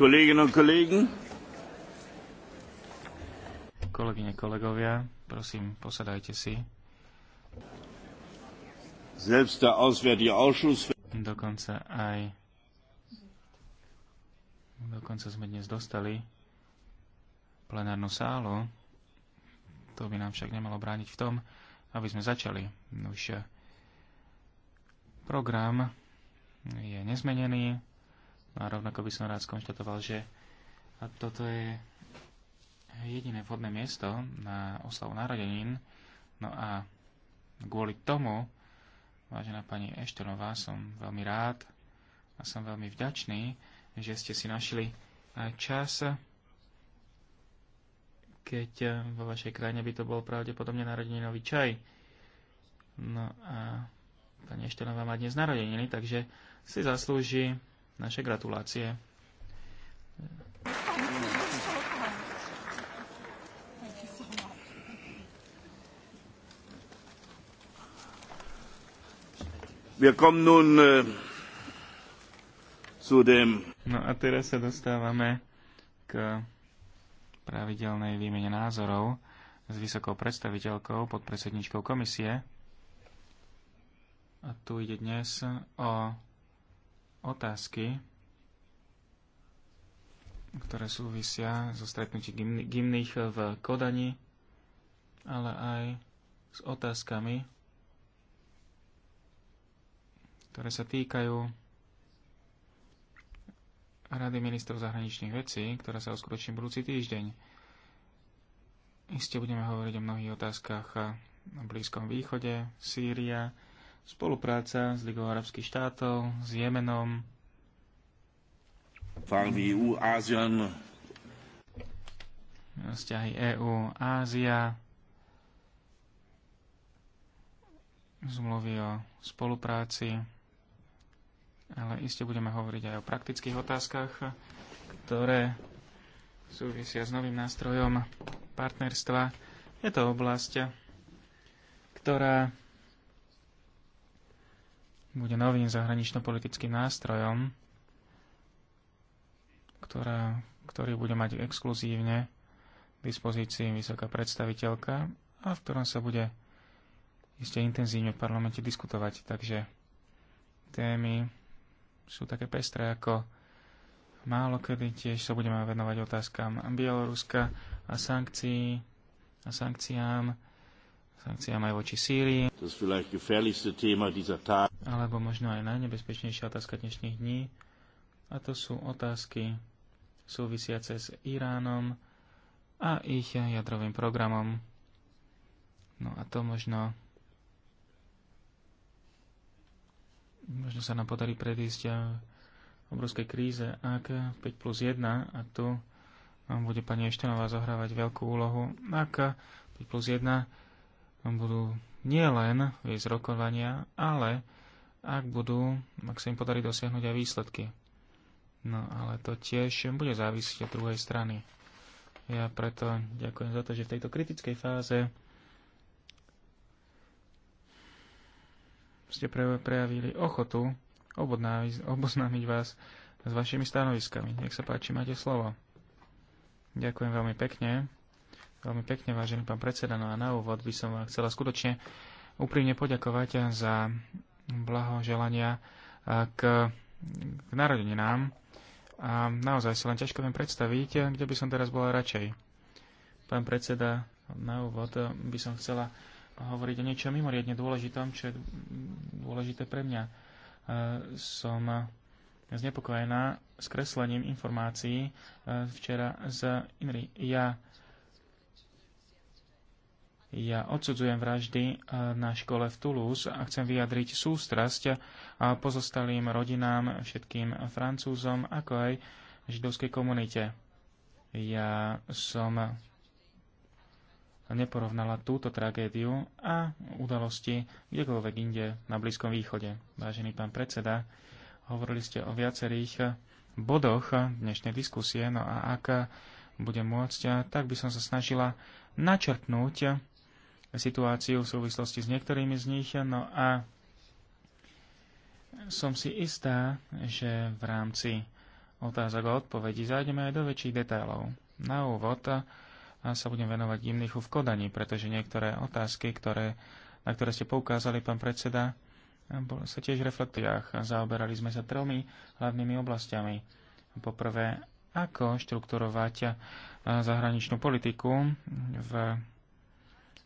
Kolleginnen Kolegyne, kolegovia, prosím, posadajte si. Dokonca aj... Dokonca sme dnes dostali plenárnu sálu. To by nám však nemalo brániť v tom, aby sme začali. Už program je nezmenený a rovnako by som rád skonštatoval, že toto je jediné vhodné miesto na oslavu narodenín. No a kvôli tomu, vážená pani Eštonová, som veľmi rád a som veľmi vďačný, že ste si našli eh, čas, keď eh, vo vašej krajine by to bol pravdepodobne narodeninový čaj. No a pani Eštonová má dnes narodeniny, takže si zaslúži naše gratulácie. Äh, no a teraz sa dostávame k pravidelnej výmene názorov s vysokou predstaviteľkou, predsedničkou komisie. A tu ide dnes o otázky, ktoré súvisia so stretnutím gymných v Kodani, ale aj s otázkami, ktoré sa týkajú Rady ministrov zahraničných vecí, ktorá sa uskutoční budúci týždeň. Iste budeme hovoriť o mnohých otázkach na Blízkom východe, Sýria, spolupráca s Ligou arabských štátov, s Jemenom. EU, ASEAN. Vzťahy EU, e Ázia. Zmluvy o spolupráci. Ale iste budeme hovoriť aj o praktických otázkach, ktoré súvisia s novým nástrojom partnerstva. Je to oblasť, ktorá bude novým zahranično-politickým nástrojom, ktorá, ktorý bude mať exkluzívne k dispozícii vysoká predstaviteľka a v ktorom sa bude ešte intenzívne v parlamente diskutovať. Takže témy sú také pestré ako málo kedy tiež sa budeme venovať otázkam Bieloruska a sankcií a sankciám sankciám aj voči Sýrii. Alebo možno aj najnebezpečnejšia otázka dnešných dní. A to sú otázky súvisiace s Iránom a ich jadrovým programom. No a to možno možno sa nám podarí predísť eh, obrovskej kríze, ak 5 plus 1, a tu eh, bude pani Eštenová zohrávať veľkú úlohu, ak 5 plus 1 budú len viesť rokovania, ale ak budú, ak sa im podarí dosiahnuť aj výsledky. No ale to tiež bude závisieť od druhej strany. Ja preto ďakujem za to, že v tejto kritickej fáze ste prejavili ochotu oboznámiť vás s vašimi stanoviskami. Nech sa páči, máte slovo. Ďakujem veľmi pekne. Veľmi pekne, vážený pán predseda. No a na úvod by som chcela skutočne úprimne poďakovať za blahoželania e, k, k narodeninám. A naozaj si len ťažko viem predstaviť, kde by som teraz bola radšej. Pán predseda, na úvod by som chcela hovoriť o niečom mimoriadne dôležitom, čo je dôležité pre mňa. E, som znepokojená skreslením informácií e, včera z INRI. Ja ja odsudzujem vraždy eh, na škole v Toulouse a chcem vyjadriť sústrasť eh, pozostalým rodinám, všetkým Francúzom, ako aj židovskej komunite. Ja som neporovnala túto tragédiu a udalosti kdekoľvek inde na Blízkom východe. Vážený pán predseda, hovorili ste o viacerých bodoch dnešnej diskusie, no a ak budem môcť, eh, tak by som sa snažila načrtnúť situáciu v súvislosti s niektorými z nich. No a som si istá, že v rámci otázok a odpovedí zájdeme aj do väčších detailov. Na úvod a sa budem venovať Gimnichu v Kodani, pretože niektoré otázky, ktoré, na ktoré ste poukázali, pán predseda, sa tiež v reflektiách. Zaoberali sme sa tromi hlavnými oblastiami. Poprvé, ako štrukturovať zahraničnú politiku v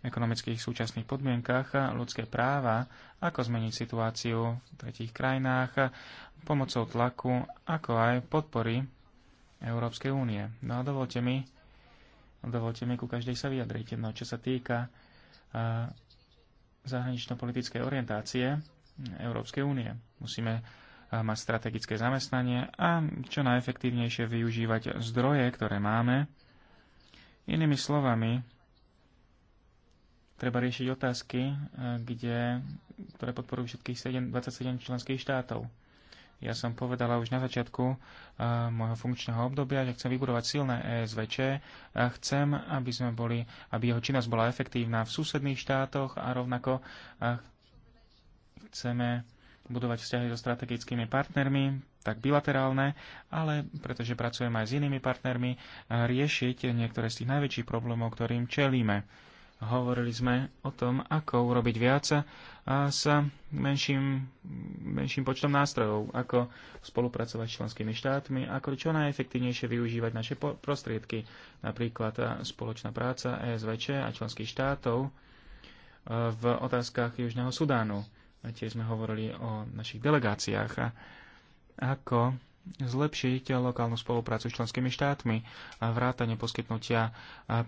ekonomických súčasných podmienkach ľudské práva, ako zmeniť situáciu v tretích krajinách pomocou tlaku, ako aj podpory Európskej únie. No a dovolte mi, dovolte mi ku každej sa vyjadriť. No, čo sa týka zahranično-politickej orientácie Európskej únie. Musíme mať strategické zamestnanie a čo najefektívnejšie využívať zdroje, ktoré máme. Inými slovami, treba riešiť otázky, e, kde, ktoré podporujú všetkých 7, 27 členských štátov. Ja som povedala už na začiatku uh, môjho funkčného obdobia, že chcem vybudovať silné ESVČ a chcem, aby, sme boli, aby jeho činnosť bola efektívna v susedných štátoch a rovnako uh, chceme budovať vzťahy so strategickými partnermi, tak bilaterálne, ale pretože pracujeme aj s inými partnermi, riešiť niektoré z tých najväčších problémov, ktorým čelíme Hovorili sme o tom, ako urobiť viac a s menším, menším počtom nástrojov, ako spolupracovať s členskými štátmi, ako čo najefektívnejšie využívať naše prostriedky, napríklad spoločná práca ESVČ a členských štátov v otázkach Južného Sudánu. Tiež sme hovorili o našich delegáciách a ako zlepšiť lokálnu spoluprácu s členskými štátmi a vrátanie poskytnutia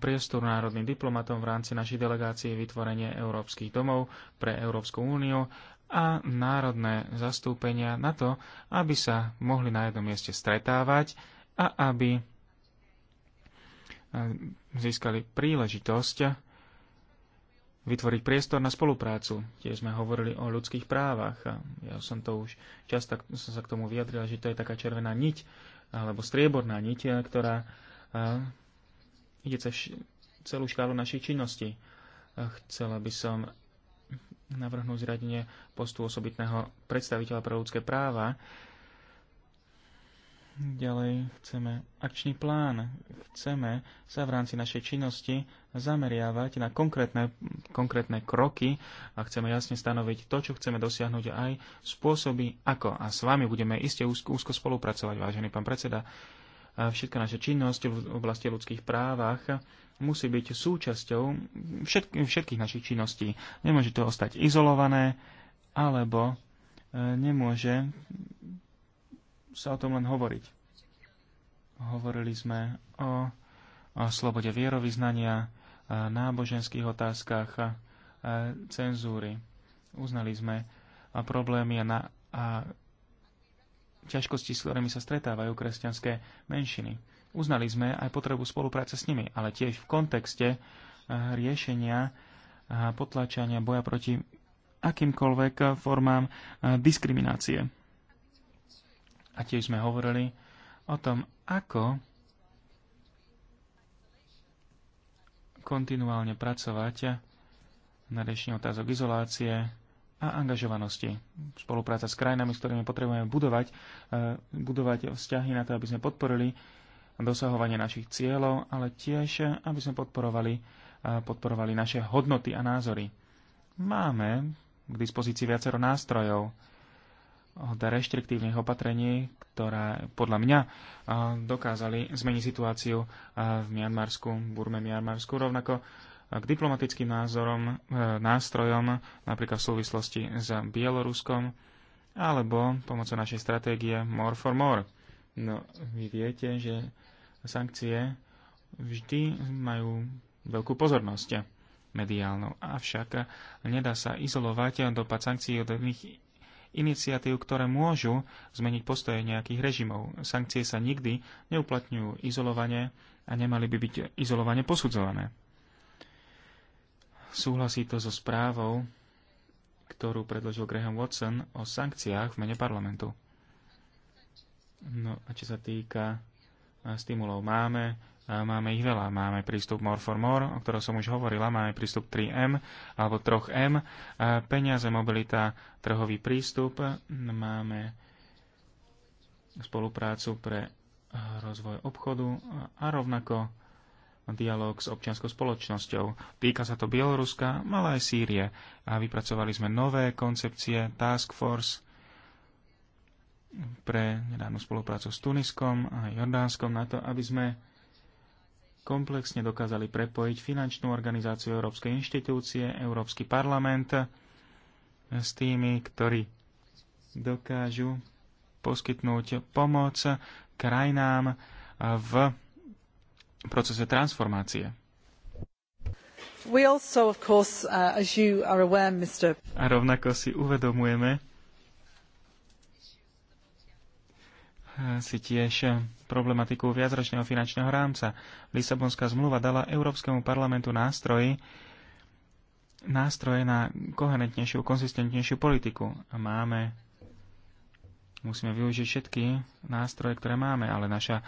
priestoru národným diplomatom v rámci našej delegácie vytvorenie európskych domov pre Európsku úniu a národné zastúpenia na to, aby sa mohli na jednom mieste stretávať a aby získali príležitosť vytvoriť priestor na spoluprácu. Tiež sme hovorili o ľudských právach. A ja som to už často som sa k tomu vyjadril, že to je taká červená niť, alebo strieborná niť, eh, ktorá eh, ide cez celú škálu našej činnosti. Eh, chcela by som navrhnúť zradenie postu osobitného predstaviteľa pre ľudské práva, Ďalej chceme akčný plán. Chceme sa v rámci našej činnosti zameriavať na konkrétne, konkrétne kroky a chceme jasne stanoviť to, čo chceme dosiahnuť aj spôsoby ako. A s vami budeme iste úzko, úzko spolupracovať, vážený pán predseda. Všetka naša činnosť v oblasti ľudských právach musí byť súčasťou všetk- všetkých našich činností. Nemôže to ostať izolované alebo e, nemôže sa o tom len hovoriť. Hovorili sme o, o slobode vierovýznania, náboženských otázkach, cenzúry. Uznali sme a problémy a, na, a ťažkosti, s ktorými sa stretávajú kresťanské menšiny. Uznali sme aj potrebu spolupráce s nimi, ale tiež v kontexte riešenia a boja proti akýmkoľvek formám diskriminácie. A tiež sme hovorili o tom, ako kontinuálne pracovať na riešení otázok izolácie a angažovanosti. Spolupráca s krajinami, s ktorými potrebujeme budovať, e, budovať vzťahy na to, aby sme podporili dosahovanie našich cieľov, ale tiež, aby sme podporovali, e, podporovali naše hodnoty a názory. Máme k dispozícii viacero nástrojov, hoda reštriktívnych opatrení, ktoré podľa mňa dokázali zmeniť situáciu v Mianmarsku, Burme Mianmarsku, rovnako k diplomatickým názorom, e, nástrojom, napríklad v súvislosti s Bieloruskom, alebo pomocou našej stratégie More for More. No, vy viete, že sankcie vždy majú veľkú pozornosť mediálnu. Avšak nedá sa izolovať dopad sankcií od iných iniciatív, ktoré môžu zmeniť postoje nejakých režimov. Sankcie sa nikdy neuplatňujú izolovane a nemali by byť izolovane posudzované. Súhlasí to so správou, ktorú predložil Graham Watson o sankciách v mene parlamentu. No a čo sa týka stimulov máme, Máme ich veľa. Máme prístup More for More, o ktorom som už hovorila. Máme prístup 3M alebo 3M. Peniaze, mobilita, trhový prístup. Máme spoluprácu pre rozvoj obchodu a rovnako dialog s občianskou spoločnosťou. Týka sa to Bieloruska, ale aj Sýrie. A vypracovali sme nové koncepcie Task Force pre nedávnu spoluprácu s Tuniskom a Jordánskom na to, aby sme komplexne dokázali prepojiť finančnú organizáciu Európskej inštitúcie, Európsky parlament s tými, ktorí dokážu poskytnúť pomoc krajinám v procese transformácie. We also, of course, uh, as you are aware, Mr. A rovnako si uvedomujeme, si tiež problematiku viacročného finančného rámca. Lisabonská zmluva dala Európskemu parlamentu nástroji, nástroje na koherentnejšiu, konzistentnejšiu politiku. A máme, musíme využiť všetky nástroje, ktoré máme, ale naša e,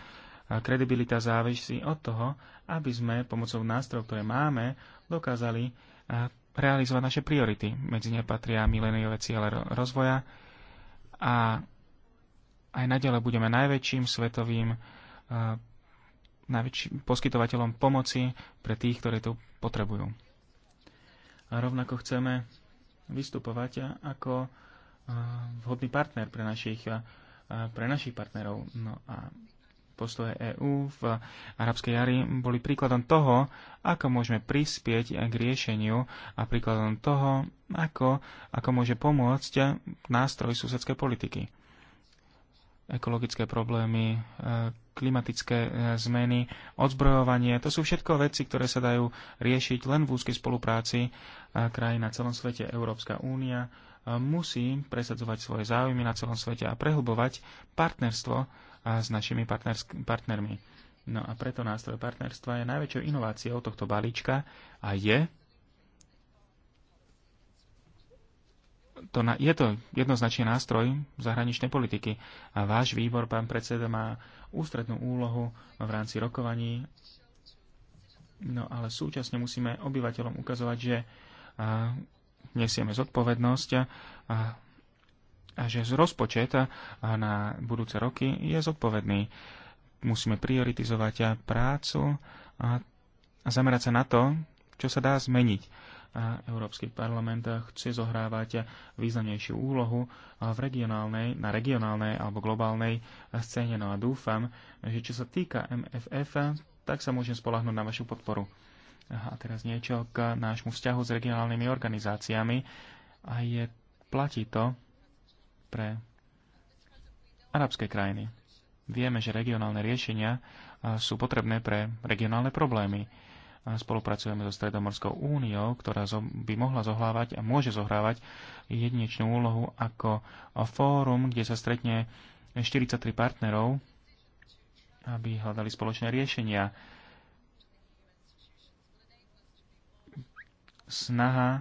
kredibilita závisí od toho, aby sme pomocou nástrojov, ktoré máme, dokázali e, realizovať naše priority. Medzi ne patria milenejové ciele rozvoja a aj naďalej budeme najväčším svetovým eh, najväčším poskytovateľom pomoci pre tých, ktorí to potrebujú. A rovnako chceme vystupovať ako eh, vhodný partner pre našich, eh, pre našich partnerov. No a postoje EÚ v arabskej jari boli príkladom toho, ako môžeme prispieť k riešeniu a príkladom toho, ako, ako môže pomôcť nástroj susedskej politiky ekologické problémy, e, klimatické e, zmeny, odzbrojovanie. To sú všetko veci, ktoré sa dajú riešiť len v úzkej spolupráci e, krajín na celom svete. Európska únia musí presadzovať svoje záujmy na celom svete a prehlbovať partnerstvo s našimi partnermi. No a preto nástroj partnerstva je najväčšou inováciou tohto balíčka a je to na, je to jednoznačný nástroj zahraničnej politiky. A váš výbor, pán predseda, má ústrednú úlohu v rámci rokovaní. No ale súčasne musíme obyvateľom ukazovať, že a, nesieme zodpovednosť a, a, a že z rozpočet a, a na budúce roky je zodpovedný. Musíme prioritizovať a prácu a, a zamerať sa na to, čo sa dá zmeniť a Európsky parlament chce zohrávať významnejšiu úlohu v regionálnej, na regionálnej alebo globálnej scéne. No a dúfam, že čo sa týka MFF, tak sa môžem spolahnúť na vašu podporu. A teraz niečo k nášmu vzťahu s regionálnymi organizáciami. A je, platí to pre arabské krajiny. Vieme, že regionálne riešenia sú potrebné pre regionálne problémy spolupracujeme so Stredomorskou úniou, ktorá by mohla zohlávať a môže zohrávať jedinečnú úlohu ako fórum, kde sa stretne 43 partnerov, aby hľadali spoločné riešenia. Snaha eh,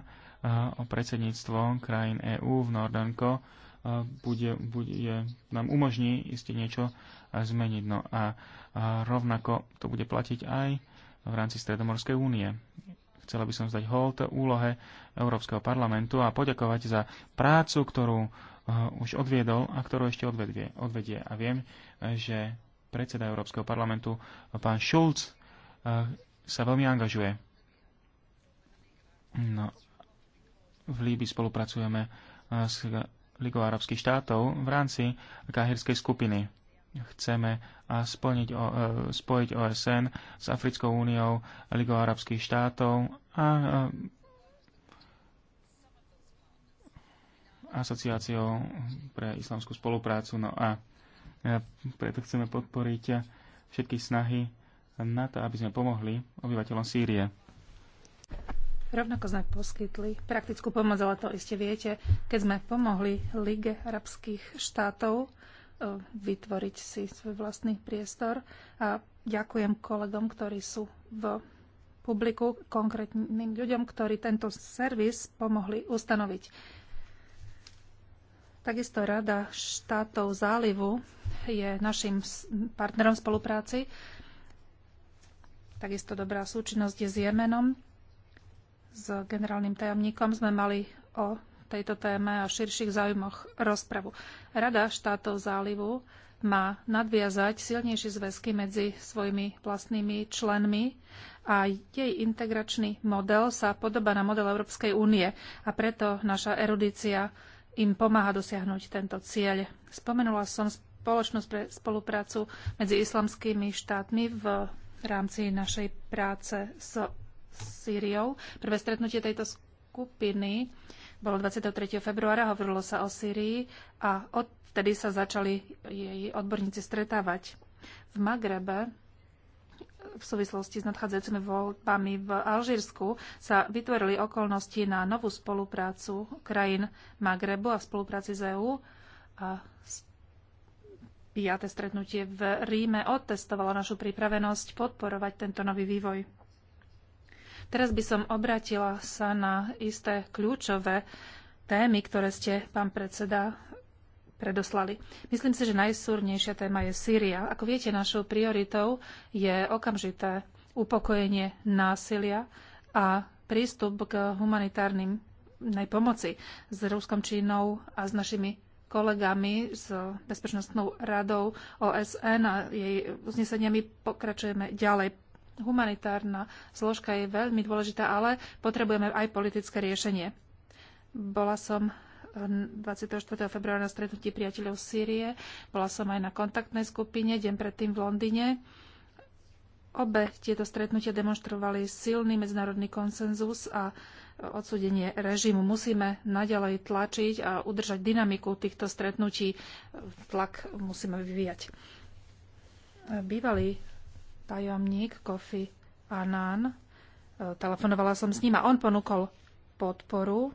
o predsedníctvo krajín EÚ v Nordanko eh, bude, bude, nám umožní isté niečo eh, zmeniť. No a rovnako to bude platiť aj v rámci Stredomorskej únie. Chcela by som zdať hold úlohe Európskeho parlamentu a poďakovať za prácu, ktorú eh, už odviedol a ktorú ešte odvedie. odvedie. A viem, že predseda Európskeho parlamentu, pán Schulz, eh, sa veľmi angažuje. No, v Líby spolupracujeme eh, s Ligou arabských štátov v rámci kahirskej skupiny chceme splniť, e, spojiť OSN s Africkou úniou, Ligou arabských štátov a e, asociáciou pre islamskú spoluprácu. No a e, preto chceme podporiť všetky snahy na to, aby sme pomohli obyvateľom Sýrie. Rovnako sme poskytli praktickú pomoc, ale to iste viete, keď sme pomohli Lige arabských štátov, E, vytvoriť si svoj vlastný priestor. A ďakujem kolegom, ktorí sú v publiku, konkrétnym ľuďom, ktorí tento servis pomohli ustanoviť. Takisto Rada štátov zálivu je našim partnerom spolupráci. Takisto dobrá súčinnosť je s Jemenom. S generálnym tajomníkom sme mali o tejto téme a širších záujmoch rozpravu. Rada štátov zálivu má nadviazať silnejšie zväzky medzi svojimi vlastnými členmi a jej integračný model sa podoba na model Európskej únie a preto naša erudícia im pomáha dosiahnuť tento cieľ. Spomenula som spoločnosť pre spoluprácu medzi islamskými štátmi v rámci našej práce s Sýriou. Prvé stretnutie tejto skupiny bolo 23. februára, hovorilo sa o Syrii a odtedy sa začali jej odborníci stretávať. V Magrebe v súvislosti s nadchádzajúcimi voľbami v Alžírsku sa vytvorili okolnosti na novú spoluprácu krajín Magrebu a v spolupráci s EÚ. A piaté stretnutie v Ríme otestovalo našu pripravenosť podporovať tento nový vývoj. Teraz by som obratila sa na isté kľúčové témy, ktoré ste, pán predseda, predoslali. Myslím si, že najsúrnejšia téma je Sýria. Ako viete, našou prioritou je okamžité upokojenie násilia a prístup k humanitárnym pomoci s Ruskom Čínou a s našimi kolegami s Bezpečnostnou radou OSN a jej uzneseniami pokračujeme ďalej humanitárna zložka je veľmi dôležitá, ale potrebujeme aj politické riešenie. Bola som 24. Eh, februára na stretnutí priateľov z Sýrie. Bola som aj na kontaktnej skupine, deň predtým v Londýne. Obe tieto stretnutia demonstrovali silný medzinárodný konsenzus a odsudenie režimu. Musíme naďalej tlačiť a udržať dynamiku týchto stretnutí. Tlak musíme vyvíjať. Bývalý tajomník Kofi Annan. E, telefonovala som s ním a on ponúkol podporu.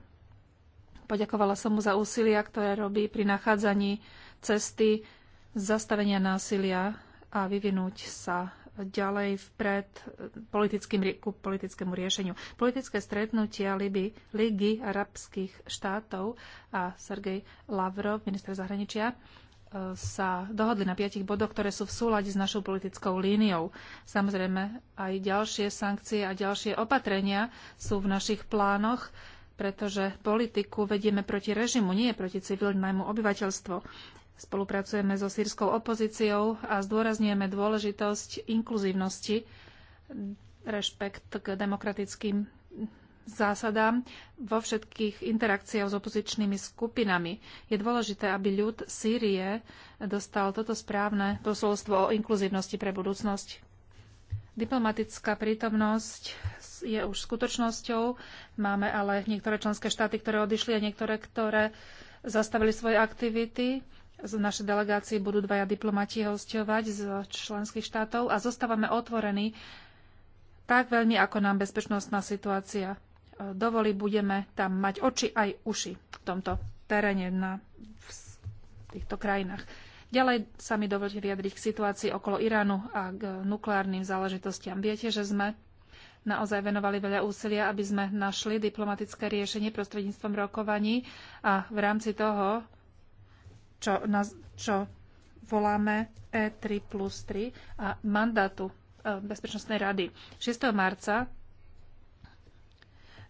Poďakovala som mu za úsilia, ktoré robí pri nachádzaní cesty zastavenia násilia a vyvinúť sa ďalej vpred politickým, ku politickému riešeniu. Politické stretnutia Liby, Ligy arabských štátov a Sergej Lavrov, minister zahraničia, sa dohodli na piatich bodoch, ktoré sú v súlade s našou politickou líniou. Samozrejme, aj ďalšie sankcie a ďalšie opatrenia sú v našich plánoch, pretože politiku vedieme proti režimu, nie proti civilnému obyvateľstvu. Spolupracujeme so sírskou opozíciou a zdôrazňujeme dôležitosť inkluzívnosti, rešpekt k demokratickým zásadám vo všetkých interakciách s opozičnými skupinami. Je dôležité, aby ľud Sýrie dostal toto správne posolstvo o inkluzívnosti pre budúcnosť. Diplomatická prítomnosť je už skutočnosťou. Máme ale niektoré členské štáty, ktoré odišli a niektoré, ktoré zastavili svoje aktivity. Z našej delegácie budú dvaja diplomati hostovať z členských štátov a zostávame otvorení tak veľmi, ako nám bezpečnostná situácia dovolí, budeme tam mať oči aj uši v tomto teréne na, v týchto krajinách. Ďalej sa mi dovolte vyjadriť k situácii okolo Iránu a k nukleárnym záležitostiam. Viete, že sme naozaj venovali veľa úsilia, aby sme našli diplomatické riešenie prostredníctvom rokovaní a v rámci toho, čo, nás, čo voláme E3 plus 3 a mandátu e, Bezpečnostnej rady. 6. marca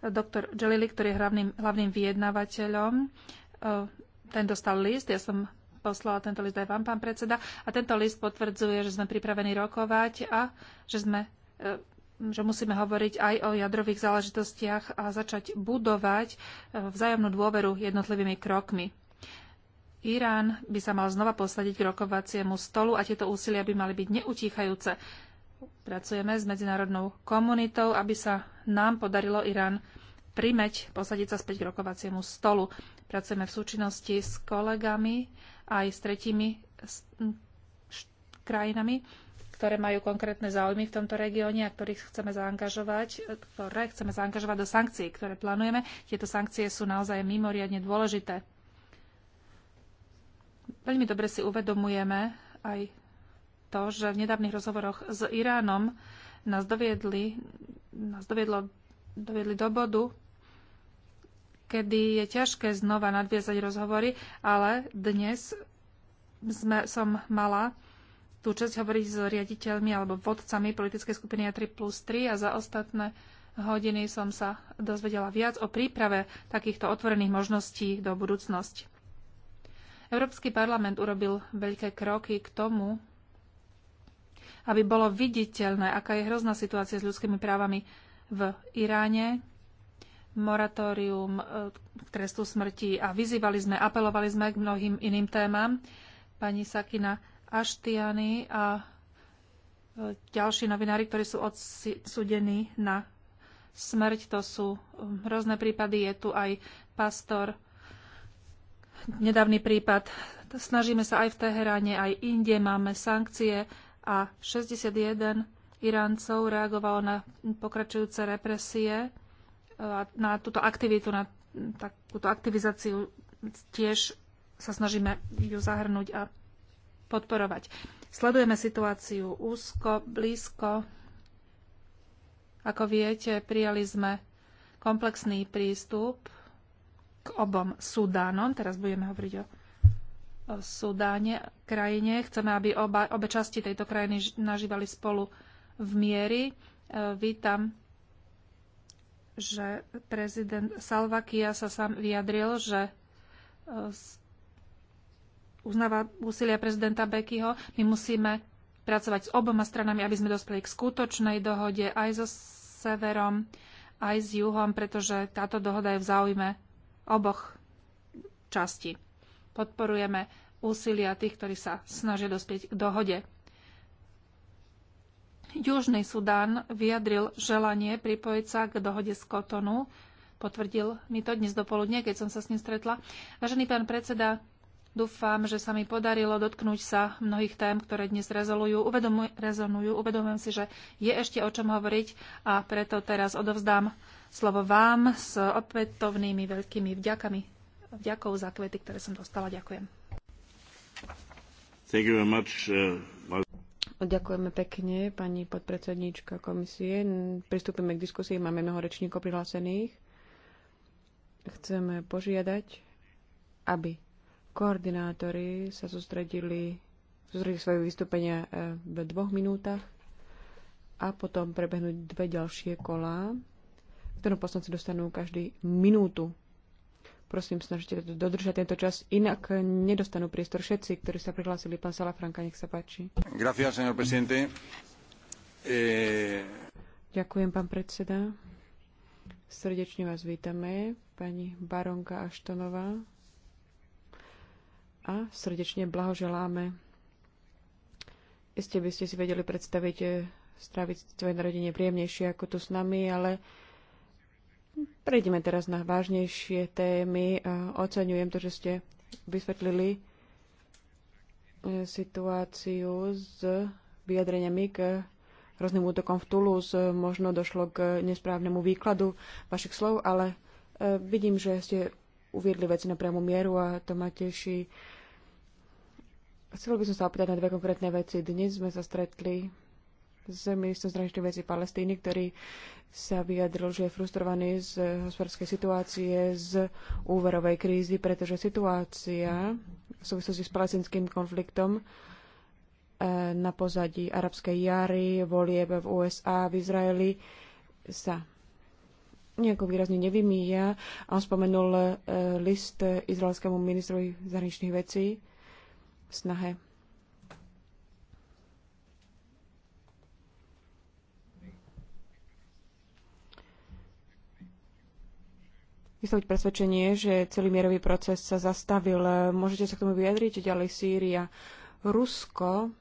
doktor Jelili, ktorý je hlavným, hlavným vyjednávateľom. E, ten dostal list, ja som poslala tento list aj vám, pán predseda. A tento list potvrdzuje, že sme pripravení rokovať a že, sme, e, že musíme hovoriť aj o jadrových záležitostiach a začať budovať e, vzájomnú dôveru jednotlivými krokmi. Irán by sa mal znova posadiť k rokovaciemu stolu a tieto úsilia by mali byť neutíchajúce pracujeme s medzinárodnou komunitou, aby sa nám podarilo Irán primeť, posadiť sa späť k rokovaciemu stolu. Pracujeme v súčinnosti s kolegami aj s tretími krajinami, ktoré majú konkrétne záujmy v tomto regióne a ktorých chceme zaangažovať, ktoré chceme zaangažovať do sankcií, ktoré plánujeme. Tieto sankcie sú naozaj mimoriadne dôležité. Veľmi dobre si uvedomujeme aj to, že v nedávnych rozhovoroch s Iránom nás doviedli, nás doviedlo, doviedli do bodu, kedy je ťažké znova nadviezať rozhovory, ale dnes sme, som mala tú časť hovoriť s riaditeľmi alebo vodcami politickej skupiny A3 plus 3 a za ostatné hodiny som sa dozvedela viac o príprave takýchto otvorených možností do budúcnosti. Európsky parlament urobil veľké kroky k tomu, aby bolo viditeľné, aká je hrozná situácia s ľudskými právami v Iráne, moratórium k eh, trestu smrti a vyzývali sme, apelovali sme k mnohým iným témam. Pani Sakina Aštiany a eh, ďalší novinári, ktorí sú odsudení na smrť, to sú eh, rôzne prípady. Je tu aj pastor, nedávny prípad. Snažíme sa aj v Teheráne, aj inde máme sankcie a 61 Iráncov reagovalo na pokračujúce represie e, a na túto aktivitu, na takúto aktivizáciu tiež sa snažíme ju zahrnúť a podporovať. Sledujeme situáciu úzko, blízko. Ako viete, prijali sme komplexný prístup k obom Sudánom. Teraz budeme hovoriť o Sudáne, krajine. Chceme, aby oba, obe časti tejto krajiny nažívali spolu v miery. E, vítam, že prezident Salvakia sa sám vyjadril, že e, uznáva úsilia prezidenta Bekyho. My musíme pracovať s oboma stranami, aby sme dospeli k skutočnej dohode aj so severom, aj s juhom, pretože táto dohoda je v záujme oboch častí podporujeme úsilia tých, ktorí sa snažia dospieť k dohode. Južný Sudán vyjadril želanie pripojiť sa k dohode z Kotonu. Potvrdil mi to dnes dopoludne, keď som sa s ním stretla. Vážený pán predseda, dúfam, že sa mi podarilo dotknúť sa mnohých tém, ktoré dnes rezolujú. Uvedomuj, rezonujú. Uvedomujem si, že je ešte o čom hovoriť a preto teraz odovzdám slovo vám s opätovnými veľkými vďakami vďakou za kvety, ktoré som dostala. Ďakujem. Thank you very much, uh, Ďakujeme pekne, pani podpredsedníčka komisie. Pristúpime k diskusii, máme mnoho rečníkov prihlásených. Chceme požiadať, aby koordinátori sa sústredili, sústredili svoje vystúpenia eh, v dvoch minútach a potom prebehnúť dve ďalšie kolá, v ktorom poslanci dostanú každý minútu Prosím, snažite dodržať tento čas, inak nedostanú priestor všetci, ktorí sa prihlásili. Pán Salafranka, nech sa páči. Gracias, señor presidente. Eh, Ďakujem, pán predseda. Srdečne vás vítame, pani baronka Aštonová. A srdečne blahoželáme. ste by ste si vedeli predstaviť eh, stráviť svoje narodenie príjemnejšie ako tu s nami, ale Prejdeme teraz na vážnejšie témy. E, oceňujem to, že ste vysvetlili e, situáciu s vyjadreniami k hrozným útokom v Toulouse. Možno došlo k nesprávnemu výkladu vašich slov, ale e, vidím, že ste uviedli veci na priamu mieru a to ma teší. Chcel by som sa opýtať na dve konkrétne veci. Dnes sme sa stretli z ministra zahraničných veci Palestíny, ktorý sa vyjadril, že je frustrovaný z hospodárskej situácie, z úverovej krízy, pretože situácia v súvislosti s palestinským konfliktom e, na pozadí arabskej jary, volieb v USA, v Izraeli sa nejako výrazne nevymýja. A on spomenul e, list izraelskému ministrovi zahraničných vecí v snahe vysloviť presvedčenie, že celý mierový proces sa zastavil. Môžete sa k tomu vyjadriť? Ďalej Sýria. Rusko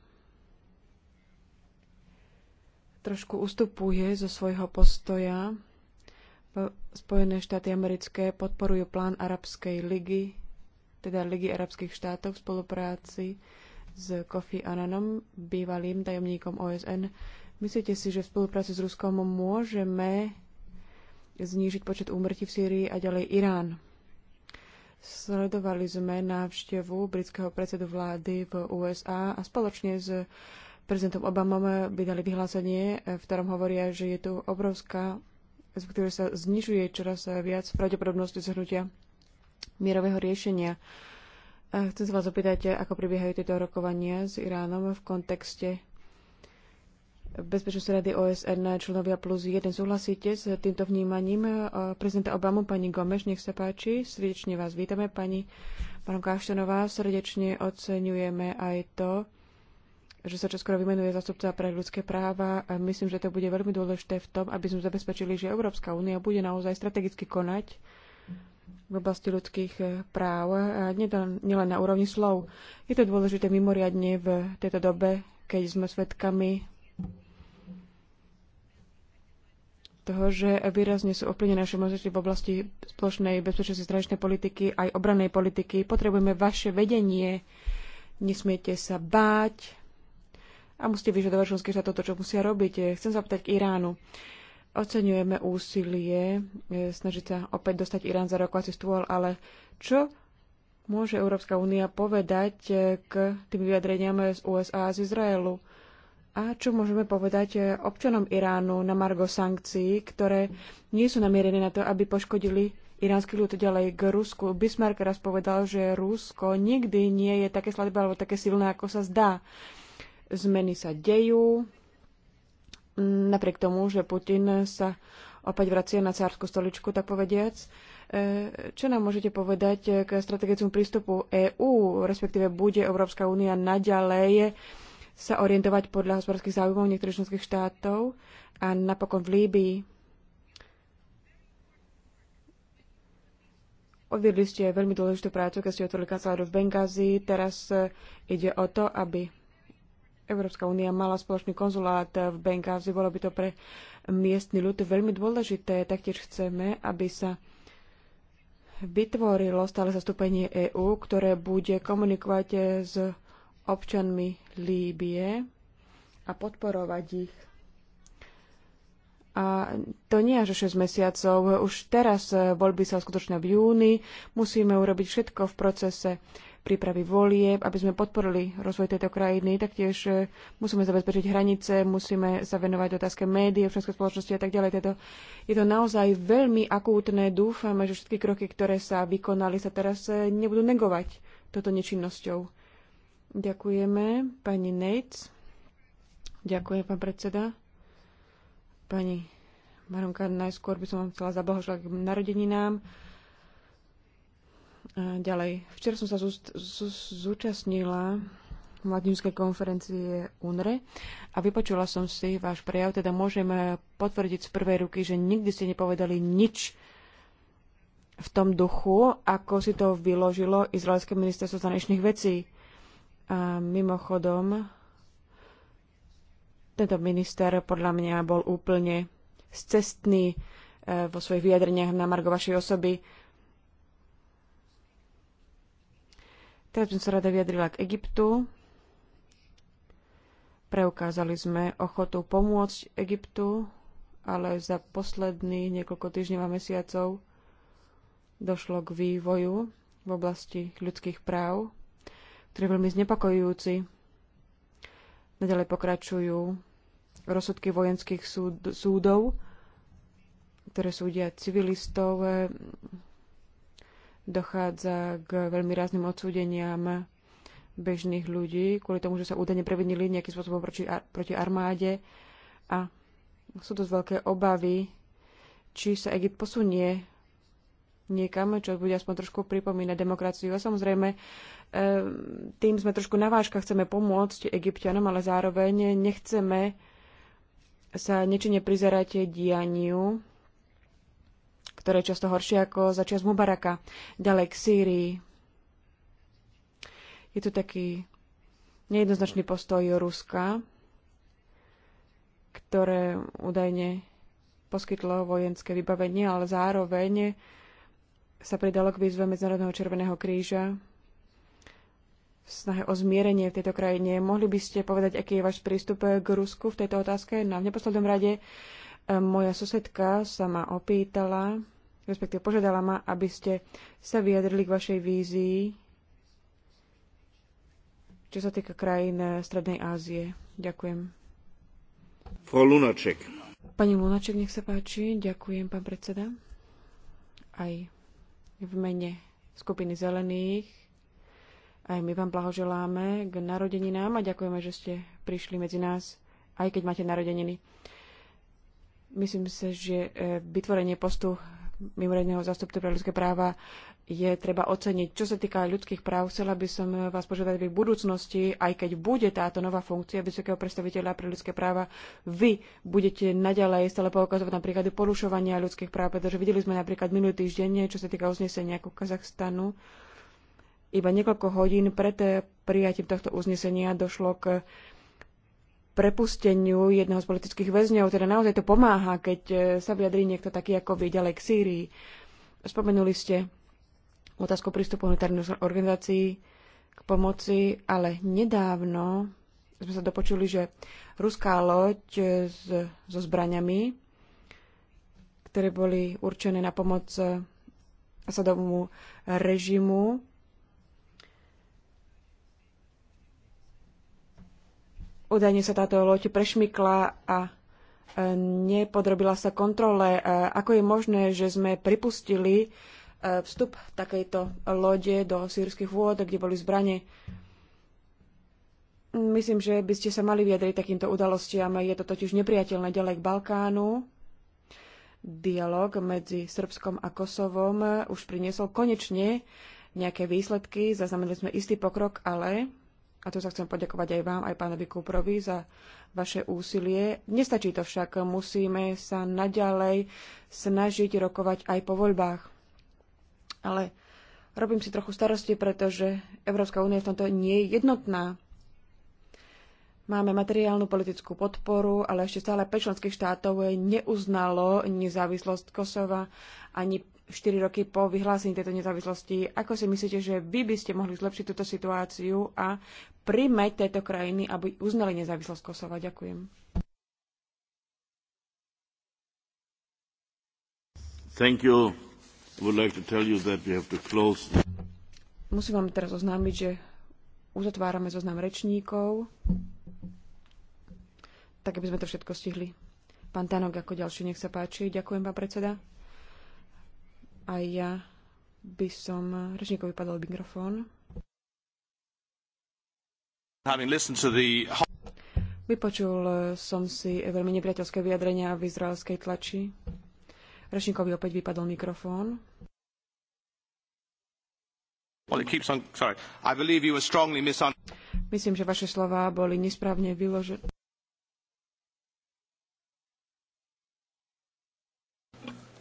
trošku ustupuje zo svojho postoja. Spojené štáty americké podporujú plán Arabskej ligy, teda Ligy arabských štátov v spolupráci s Kofi Ananom, bývalým tajomníkom OSN. Myslíte si, že v spolupráci s Ruskom môžeme znížiť počet úmrtí v Sýrii a ďalej Irán. Sledovali sme návštevu britského predsedu vlády v USA a spoločne s prezidentom Obamom vydali vyhlásenie, v ktorom hovoria, že je tu obrovská, z ktoré sa znižuje čoraz viac pravdepodobnosti zhrnutia mierového riešenia. Chcem sa vás opýtať, ako prebiehajú tieto rokovania s Iránom v kontexte Bezpečnostnej rady OSN členovia plus jeden. Súhlasíte s týmto vnímaním eh, prezidenta Obamu? Pani Gomeš, nech sa páči. Srdečne vás vítame. Pani Baronka Aštenová, srdečne oceňujeme aj to, že sa čoskoro vymenuje zastupca pre ľudské práva. A myslím, že to bude veľmi dôležité v tom, aby sme zabezpečili, že Európska únia bude naozaj strategicky konať v oblasti ľudských eh, práv, nielen na úrovni slov. Je to dôležité mimoriadne v tejto dobe, keď sme svedkami toho, že výrazne sú ovplyvnené naše možnosti v oblasti spoločnej bezpečnosti zdravotnej politiky, aj obrannej politiky. Potrebujeme vaše vedenie, nesmiete sa báť a musíte vyžadovať členské štáty to, čo musia robiť. Chcem sa opýtať k Iránu. Oceňujeme úsilie e, snažiť sa opäť dostať Irán za rokovací stôl, ale čo môže Európska únia povedať e, k tým vyjadreniam z USA a z Izraelu? A čo môžeme povedať e, občanom Iránu na margo sankcií, ktoré nie sú namierené na to, aby poškodili iránsky ľud ďalej k Rusku. Bismarck raz povedal, že Rusko nikdy nie je také slabé alebo také silné, ako sa zdá. Zmeny sa dejú, napriek tomu, že Putin sa opäť vracia na cárskú stoličku, tak povediac. E, čo nám môžete povedať k strategickému prístupu EÚ, respektíve bude Európska únia naďalej sa orientovať podľa hospodárskych záujmov niektorých členských štátov a napokon v Líbii odviedli ste veľmi dôležitú prácu, keď ste otvorili kanceláru v Bengazi. Teraz e, ide o to, aby Európska únia mala spoločný konzulát v Bengazi. Bolo by to pre miestny ľud veľmi dôležité. Taktiež chceme, aby sa vytvorilo stále zastúpenie EÚ, ktoré bude komunikovať e, s občanmi Líbie a podporovať ich. A to nie až 6 mesiacov. Už teraz eh, voľby sa skutočne v júni. Musíme urobiť všetko v procese prípravy volieb, aby sme podporili rozvoj tejto krajiny. Taktiež eh, musíme zabezpečiť hranice, musíme sa venovať otázke médií, všetkej spoločnosti a tak ďalej. Tieto, teda je to naozaj veľmi akútne. Dúfame, že všetky kroky, ktoré sa vykonali, sa teraz eh, nebudú negovať toto nečinnosťou. Ďakujeme. Pani Nates. Ďakujem, pán predseda. Pani Maronka, najskôr by som vám chcela zablahoželať k narodeninám. Ďalej. Včera som sa zúčastnila mladinskej konferencie UNRE a vypočula som si váš prejav, teda môžem eh, potvrdiť z prvej ruky, že nikdy ste nepovedali nič v tom duchu, ako si to vyložilo Izraelské ministerstvo zahraničných vecí. A mimochodom, tento minister podľa mňa bol úplne cestný e, vo svojich vyjadreniach na margo vašej osoby. Teraz by som sa rada vyjadrila k Egyptu. Preukázali sme ochotu pomôcť Egyptu, ale za posledných niekoľko týždňov a mesiacov došlo k vývoju v oblasti ľudských práv ktorý je veľmi znepokojujúci. Nadalej pokračujú rozsudky vojenských súd, súdov, ktoré súdia civilistov. Dochádza k veľmi rázným odsúdeniam bežných ľudí, kvôli tomu, že sa údajne previnili nejakým spôsobom proti, ar- proti armáde. A sú dosť veľké obavy, či sa Egypt posunie niekam, čo bude aspoň trošku pripomínať demokraciu. A samozrejme, e, tým sme trošku na vážka, chceme pomôcť egyptianom, ale zároveň nechceme sa nečine prizerať dianiu, ktoré je často horšie ako za čas Mubaraka, ďalej k Sýrii. Je tu taký nejednoznačný postoj Ruska, ktoré údajne poskytlo vojenské vybavenie, ale zároveň sa pridalo k výzve Medzinárodného Červeného kríža v snahe o zmierenie v tejto krajine. Mohli by ste povedať, aký je váš prístup k Rusku v tejto otázke? No v neposlednom rade e, moja susedka sa ma opýtala, respektíve požiadala ma, aby ste sa vyjadrili k vašej vízii, čo sa týka krajín e, Strednej Ázie. Ďakujem. Frau Lunaček. Pani Lunaček, nech sa páči. Ďakujem, pán predseda. Aj v mene skupiny zelených. Aj my vám blahoželáme k narodeninám a ďakujeme, že ste prišli medzi nás, aj keď máte narodeniny. Myslím si, že e, vytvorenie postu mimoriadného zástupcu pre ľudské práva je treba oceniť. Čo sa týka ľudských práv, chcela by som vás požiadať, aby v budúcnosti, aj keď bude táto nová funkcia vysokého predstaviteľa pre ľudské práva, vy budete naďalej stále poukazovať na príklady porušovania ľudských práv, pretože videli sme napríklad minulý týždeň, čo sa týka uznesenia ku Kazachstanu, iba niekoľko hodín pred prijatím tohto uznesenia došlo k prepusteniu jedného z politických väzňov, teda naozaj to pomáha, keď sa vyjadrí niekto taký ako vy ďalej k Sýrii. Spomenuli ste otázku prístupu humanitárnych organizácií k pomoci, ale nedávno sme sa dopočuli, že ruská loď s, so zbraniami, ktoré boli určené na pomoc Asadovomu režimu, údajne sa táto loď prešmykla a e, nepodrobila sa kontrole. E, ako je možné, že sme pripustili vstup takejto lode do sírskych vôd, kde boli zbranie. Myslím, že by ste sa mali vyjadriť takýmto udalostiam. Je to totiž nepriateľné ďalej k Balkánu. Dialóg medzi Srbskom a Kosovom už priniesol konečne nejaké výsledky. Zaznamenali sme istý pokrok, ale, a tu sa chcem poďakovať aj vám, aj pánovi Kúprovi za vaše úsilie. Nestačí to však. Musíme sa naďalej snažiť rokovať aj po voľbách ale robím si trochu starosti, pretože Európska únia v tomto nie je jednotná. Máme materiálnu politickú podporu, ale ešte stále 5 členských štátov neuznalo nezávislosť Kosova ani 4 roky po vyhlásení tejto nezávislosti. Ako si myslíte, že vy by ste mohli zlepšiť túto situáciu a primeť tejto krajiny, aby uznali nezávislosť Kosova? Ďakujem. Thank you. Musím vám teraz oznámiť, že uzatvárame zoznam rečníkov, tak aby sme to všetko stihli. Pán Tanok, ako ďalší, nech sa páči. Ďakujem, pán predseda. A ja by som... Rečníkovi vypadal mikrofón. Vypočul som si veľmi nepriateľské vyjadrenia v izraelskej tlači. Rečníkovi opäť vypadol mikrofón. Myslím, že vaše slova boli nesprávne vyložené.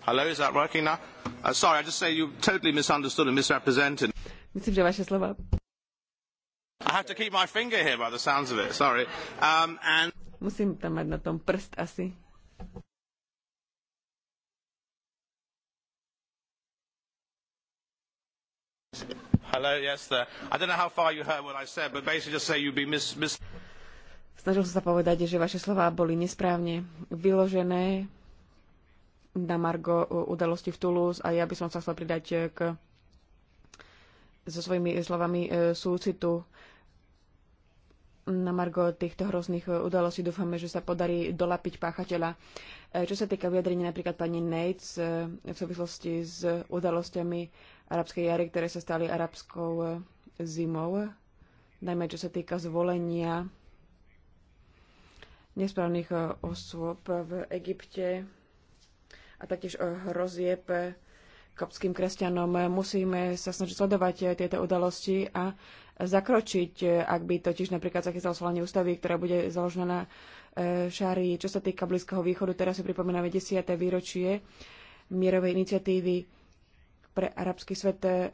Hello, is that working now? Uh, sorry, I just say you totally misunderstood and misrepresented. Myslím, že vaše slova. I have to keep my finger here by the sounds of it, sorry. Um, and... Musím tam mať na tom prst asi. Hello, yes, I don't know how far you heard what I said, but basically just say you'd be mis... mis- Snažil som sa povedať, že vaše slova boli nesprávne vyložené na Margo e, udalosti v Toulouse a ja by som sa chcel pridať e, k so svojimi e, slovami súcitu na Margo týchto hrozných udalostí. Dúfame, že sa podarí dolapiť páchateľa. Čo sa týka vyjadrenia napríklad pani Nates v súvislosti s udalosťami arabskej jary, ktoré sa stali arabskou e, zimou, najmä čo sa týka zvolenia nesprávnych e, osôb v Egypte a taktiež e, hrozieb kopským kresťanom. Musíme sa snažiť sledovať tieto udalosti a zakročiť, ak by totiž napríklad zachytal svolanie ústavy, ktorá bude založená na šári. Čo sa týka Blízkeho východu, teraz si pripomíname 10. výročie mierovej iniciatívy pre arabský svet. Eh,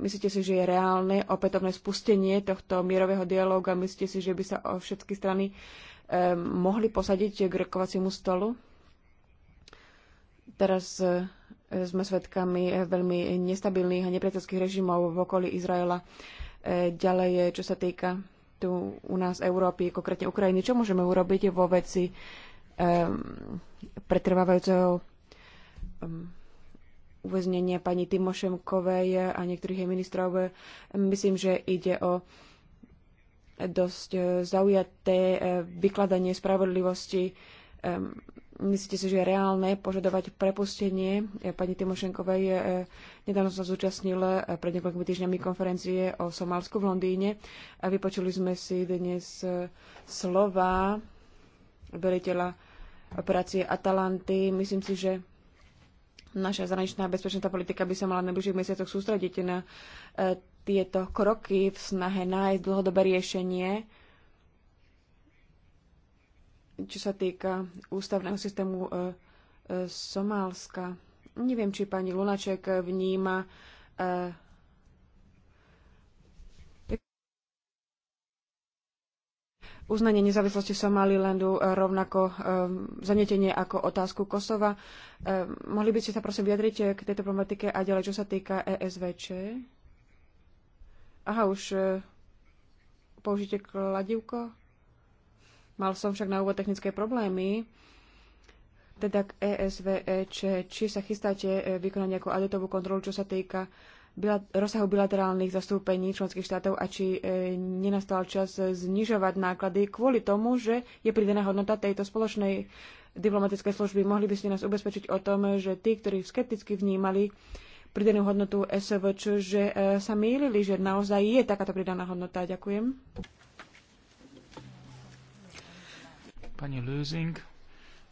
myslíte si, že je reálne opätovné spustenie tohto mierového dialógu a myslíte si, že by sa o všetky strany eh, mohli posadiť k rokovaciemu stolu? Teraz eh, sme svedkami veľmi nestabilných a nepriateľských režimov v okolí Izraela. Ďalej, čo sa týka tu u nás Európy, konkrétne Ukrajiny, čo môžeme urobiť vo veci um, pretrvávajúceho um, uväznenia pani Timošenkovej a niektorých jej ministrov. Myslím, že ide o dosť zaujaté eh, vykladanie spravodlivosti. Myslíte si, že je reálne požadovať prepustenie eh, pani Timošenkovej? Eh, nedávno sa zúčastnil pred niekoľkými týždňami konferencie o Somálsku v Londýne a vypočuli sme si dnes slova veliteľa operácie Atalanty. Myslím si, že Naša zraničná bezpečnostná politika by sa mala v najbližších mesiacoch sústrediť na e, tieto kroky v snahe nájsť dlhodobé riešenie, čo sa týka ústavného systému e, e, Somálska. Neviem, či pani Lunaček vníma e, uznanie nezávislosti Somalilandu e, rovnako e, zanietenie ako otázku Kosova. E, mohli by ste sa prosím vyjadriť k tejto problematike a ďalej, čo sa týka ESVČ? Aha, už použite kladivko? Mal som však na úvod technické problémy. Teda k ESVEČ, či sa chystáte vykonať nejakú adetovú kontrolu, čo sa týka rozsahu bilaterálnych zastúpení členských štátov a či e, nenastal čas znižovať náklady kvôli tomu, že je pridaná hodnota tejto spoločnej diplomatickej služby. Mohli by ste nás ubezpečiť o tom, že tí, ktorí skepticky vnímali pridanú hodnotu SVČ, že e, sa mýlili, že naozaj je takáto pridaná hodnota. Ďakujem. Pani Lusing,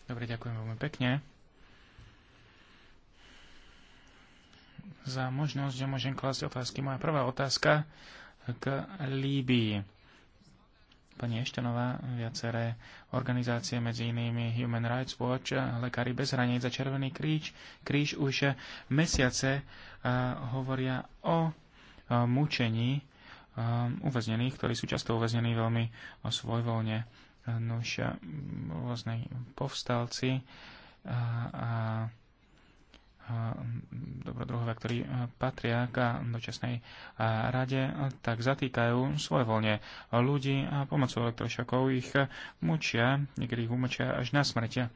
dobre, ďakujem veľmi pekne. za možnosť, že môžem klásť otázky. Moja prvá otázka k Líbii. Pani Eštenová, viaceré organizácie, medzi inými Human Rights Watch, Lekári bez hraníc a Červený kríž, kríž už mesiace hovoria o mučení uväznených, ktorí sú často uväznení veľmi svojvoľne. Nuž rôzne povstalci a, a dobrodruhovia, ktorí patria k dočasnej rade, tak zatýkajú voľne ľudí a pomocou elektrošokov ich mučia, niekedy ich umočia až na smrte.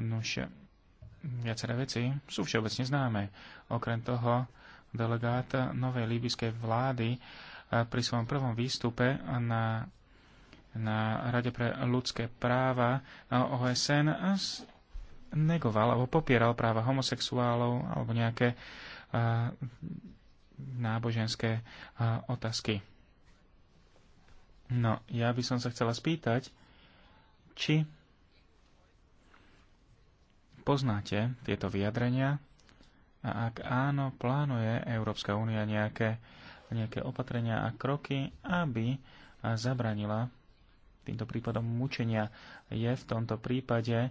Nož, viaceré veci sú všeobecne známe. Okrem toho, delegát novej líbyskej vlády pri svojom prvom výstupe na na Rade pre ľudské práva OSN negoval alebo popieral práva homosexuálov alebo nejaké uh, náboženské uh, otázky. No, ja by som sa chcela spýtať, či poznáte tieto vyjadrenia a ak áno, plánuje Európska únia nejaké, nejaké opatrenia a kroky, aby zabranila týmto prípadom mučenia. Je v tomto prípade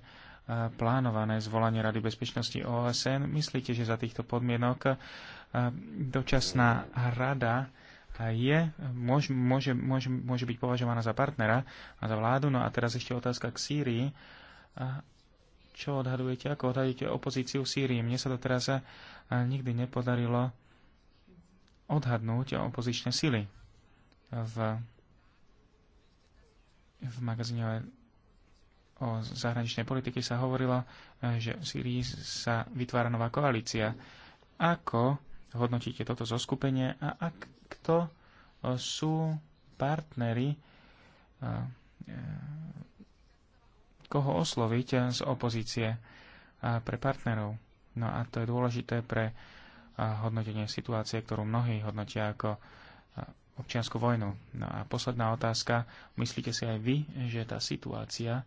plánované zvolanie Rady bezpečnosti OSN. Myslíte, že za týchto podmienok dočasná rada je, môže, môže, môže, môže byť považovaná za partnera a za vládu. No a teraz ešte otázka k Sýrii. Čo odhadujete? Ako odhadujete opozíciu v Sýrii? Mne sa to teraz nikdy nepodarilo odhadnúť opozičné sily v, v magazíne o zahraničnej politike sa hovorilo, e, že v Syrii sa vytvára nová koalícia. Ako hodnotíte toto zoskupenie a ak kto e, sú partnery, e, koho osloviť z opozície pre partnerov. No a to je dôležité pre hodnotenie situácie, ktorú mnohí hodnotia ako občianskú vojnu. No a posledná otázka. Myslíte si aj vy, že tá situácia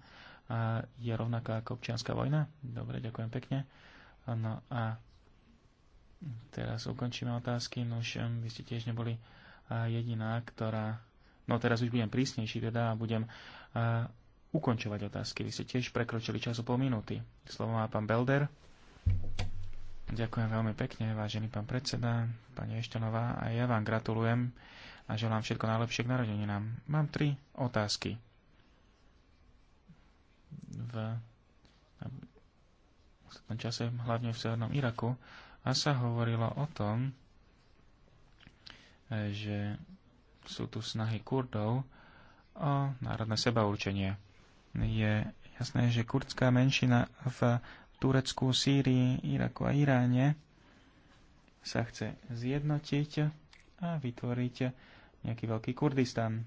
je rovnaká ako občianská vojna? Dobre, ďakujem pekne. No a teraz ukončíme otázky. No už vy ste tiež neboli jediná, ktorá... No teraz už budem prísnejší teda a budem ukončovať otázky. Vy ste tiež prekročili čas o pol minúty. Slovo má pán Belder. Ďakujem veľmi pekne, vážený pán predseda, pani Eštonová, a ja vám gratulujem a želám všetko najlepšie k narodeninám. Mám tri otázky v ostatnom čase, hlavne v severnom Iraku, a sa hovorilo o tom, e, že sú tu snahy Kurdov o národné sebaúčenie. Je jasné, že kurdská menšina v Turecku, Sýrii, Iraku a Iráne sa chce zjednotiť a vytvoriť nejaký veľký Kurdistan.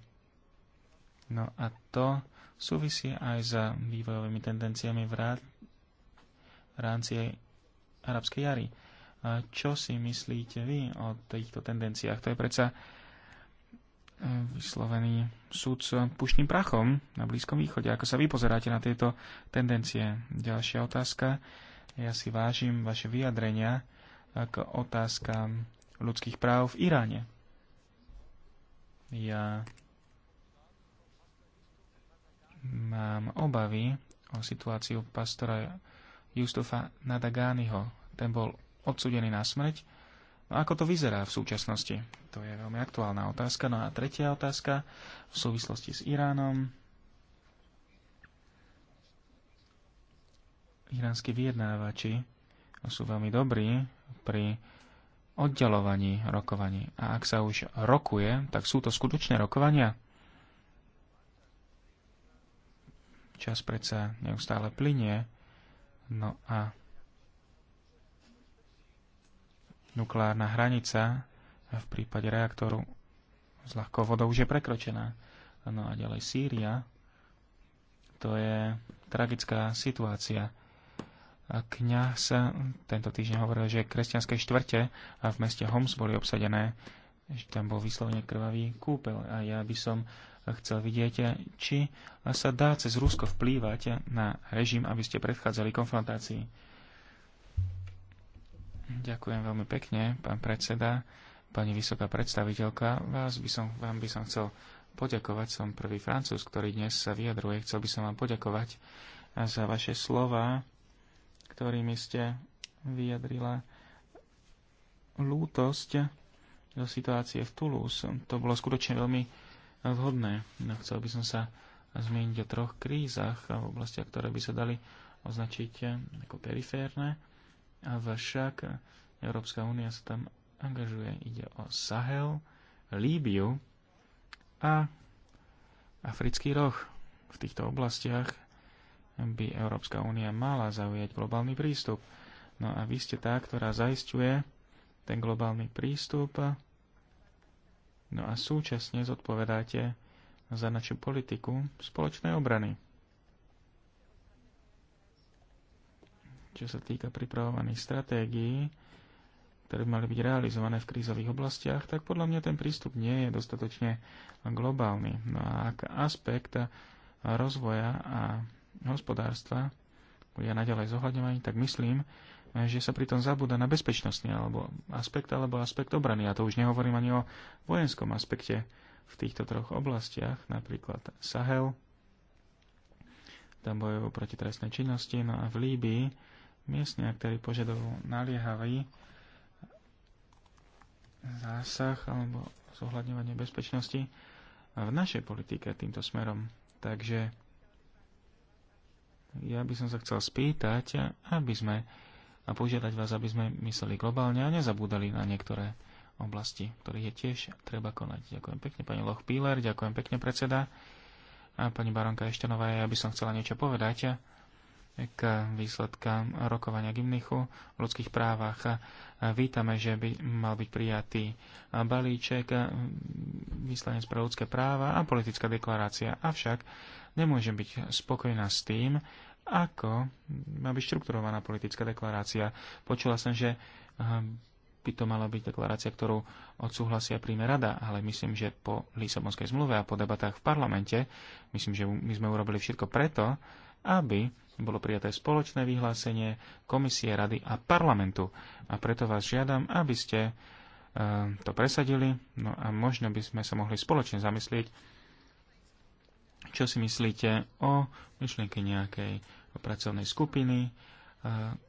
No a to súvisí aj s vývojovými tendenciami v, rá... v rámci arabskej jary. A čo si myslíte vy o týchto tendenciách? To je predsa e, vyslovený súd s pušným prachom na Blízkom východe. Ako sa vy pozeráte na tieto tendencie? Ďalšia otázka. Ja si vážim vaše vyjadrenia ako otázka ľudských práv v Iráne. Ja mám obavy o situáciu pastora Justofa Nadagányho. Ten bol odsudený na smrť. No ako to vyzerá v súčasnosti? To je veľmi aktuálna otázka. No a tretia otázka v súvislosti s Iránom. Iránsky vyjednávači sú veľmi dobrí pri oddelovaní rokovaní. A ak sa už rokuje, tak sú to skutočné rokovania? Čas predsa neustále plinie. No a nukleárna hranica v prípade reaktoru s ľahkou vodou už je prekročená. No a ďalej Sýria. To je tragická situácia. Kňaz tento týždeň hovoril, že kresťanské štvrte a v meste Homs boli obsadené, že tam bol vyslovene krvavý kúpel. A ja by som chcel vidieť, či sa dá cez Rusko vplývať na režim, aby ste predchádzali konfrontácii. Ďakujem veľmi pekne, pán predseda, pani vysoká predstaviteľka. Vás by som, vám by som chcel poďakovať. Som prvý francúz, ktorý dnes sa vyjadruje. Chcel by som vám poďakovať za vaše slova, ktorými ste vyjadrila lútosť do situácie v Toulouse. To bolo skutočne veľmi vhodné. No, chcel by som sa zmieniť o troch krízach v oblastiach, ktoré by sa dali označiť eh, ako periférne. Avšak Európska únia sa tam angažuje. Ide o Sahel, Líbiu a Africký roh. V týchto oblastiach by Európska únia mala zaujať globálny prístup. No a vy ste tá, ktorá zaisťuje ten globálny prístup No a súčasne zodpovedáte za našu politiku spoločnej obrany. Čo sa týka pripravovaných stratégií, ktoré by mali byť realizované v krízových oblastiach, tak podľa mňa ten prístup nie je dostatočne globálny. No a ak aspekt rozvoja a hospodárstva bude naďalej zohľadňovaný, tak myslím, že sa pritom zabúda na bezpečnostný alebo aspekt alebo aspekt obrany. Ja to už nehovorím ani o vojenskom aspekte v týchto troch oblastiach, napríklad Sahel, tam bojujú proti trestnej činnosti, no a v Líbii miestne ktorí požadujú naliehavý zásah alebo zohľadňovanie bezpečnosti v našej politike týmto smerom. Takže ja by som sa chcel spýtať, aby sme a požiadať vás, aby sme mysleli globálne a nezabúdali na niektoré oblasti, ktorých je tiež treba konať. Ďakujem pekne pani Loch Píler, ďakujem pekne predseda a pani baronka Eštenová, ja by som chcela niečo povedať k výsledkám rokovania Gymnichu v ľudských právach. Vítame, že by mal byť prijatý balíček vyslanec pre ľudské práva a politická deklarácia. Avšak nemôžem byť spokojná s tým, ako má byť štrukturovaná politická deklarácia. Počula som, že ehm, by to mala byť deklarácia, ktorú odsúhlasia príjme rada, ale myslím, že po Lisabonskej zmluve a po debatách v parlamente, myslím, že my sme urobili všetko preto, aby bolo prijaté spoločné vyhlásenie komisie, rady a parlamentu. A preto vás žiadam, aby ste ehm, to presadili, no a možno by sme sa mohli spoločne zamyslieť, čo si myslíte o myšlienke nejakej pracovnej skupiny,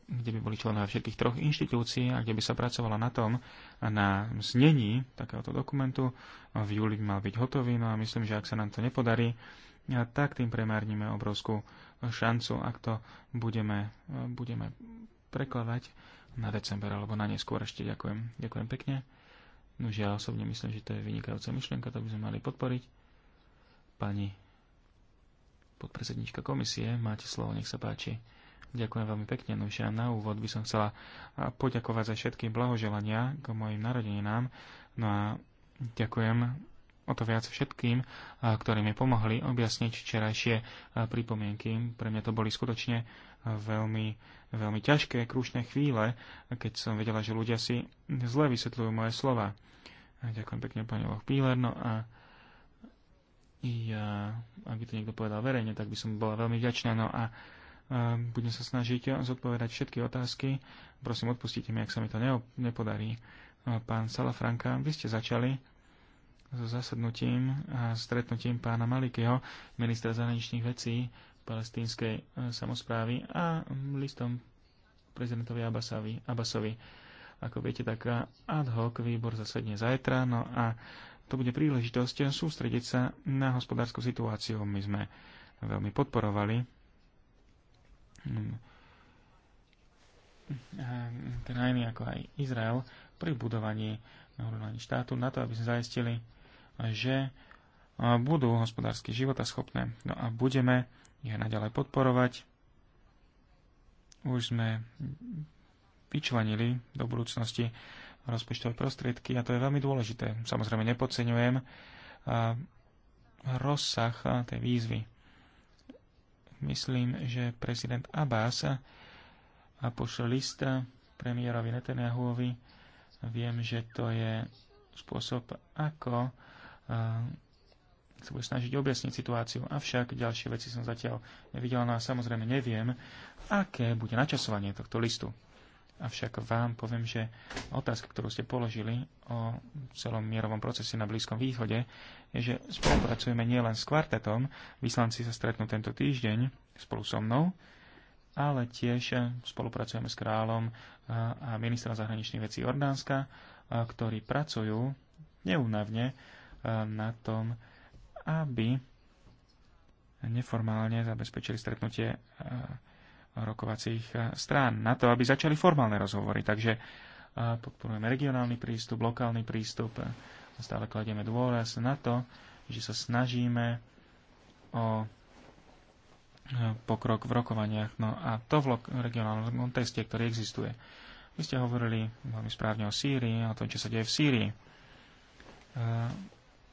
kde by boli členovia všetkých troch inštitúcií a kde by sa pracovala na tom, na znení takéhoto dokumentu. V júli by mal byť hotový, no a myslím, že ak sa nám to nepodarí, tak tým premárnime obrovskú šancu, ak to budeme, budeme prekladať na december alebo na neskôr ešte. Ďakujem, ďakujem pekne. No, že ja osobne myslím, že to je vynikajúca myšlienka, to by sme mali podporiť. Pani podpredsednička komisie. Máte slovo, nech sa páči. Ďakujem veľmi pekne. No ja na úvod by som chcela poďakovať za všetky blahoželania k mojim narodeninám. No a ďakujem o to viac všetkým, ktorí mi pomohli objasniť včerajšie pripomienky. Pre mňa to boli skutočne veľmi, veľmi ťažké, krušné chvíle, keď som vedela, že ľudia si zle vysvetľujú moje slova. Ďakujem pekne, pani Loch Píler. No a ja, ak by to niekto povedal verejne, tak by som bola veľmi vďačná. No a e, budem sa snažiť zodpovedať všetky otázky. Prosím, odpustite mi, ak sa mi to nepodarí. No, pán Salafranka, vy ste začali so zasadnutím a stretnutím pána Malikyho, ministra zahraničných vecí palestínskej e, samozprávy a listom prezidentovi Abbasovi. Abbasovi. Ako viete, tak e, ad hoc výbor zasadne zajtra, no a to bude príležitosť sústrediť sa na hospodárskú situáciu. My sme veľmi podporovali mm, krajiny ako aj Izrael pri budovaní štátu na to, aby sme zaistili, že budú hospodársky schopné. No a budeme ich naďalej podporovať. Už sme vyčlenili do budúcnosti rozpočtové prostriedky a to je veľmi dôležité. Samozrejme nepodceňujem rozsah tej výzvy. Myslím, že prezident Abbas a pošle list premiérovi Netanyahuovi. Viem, že to je spôsob, ako sa bude snažiť objasniť situáciu. Avšak ďalšie veci som zatiaľ nevidel no a samozrejme neviem, aké bude načasovanie tohto listu. Avšak vám poviem, že otázka, ktorú ste položili o celom mierovom procese na Blízkom východe, je, že spolupracujeme nielen s kvartetom, vyslanci sa stretnú tento týždeň spolu so mnou, ale tiež spolupracujeme s kráľom a ministrom zahraničných vecí Jordánska, ktorí pracujú neúnavne na tom, aby neformálne zabezpečili stretnutie rokovacích eh, strán na to, aby začali formálne rozhovory. Takže eh, podporujeme regionálny prístup, lokálny prístup, eh, a stále kladieme dôraz na to, že sa snažíme o pokrok v rokovaniach. No a to v regionálnom kontexte, ktorý existuje. Vy ste hovorili veľmi správne o Sýrii, o tom, čo sa deje v Sýrii. E,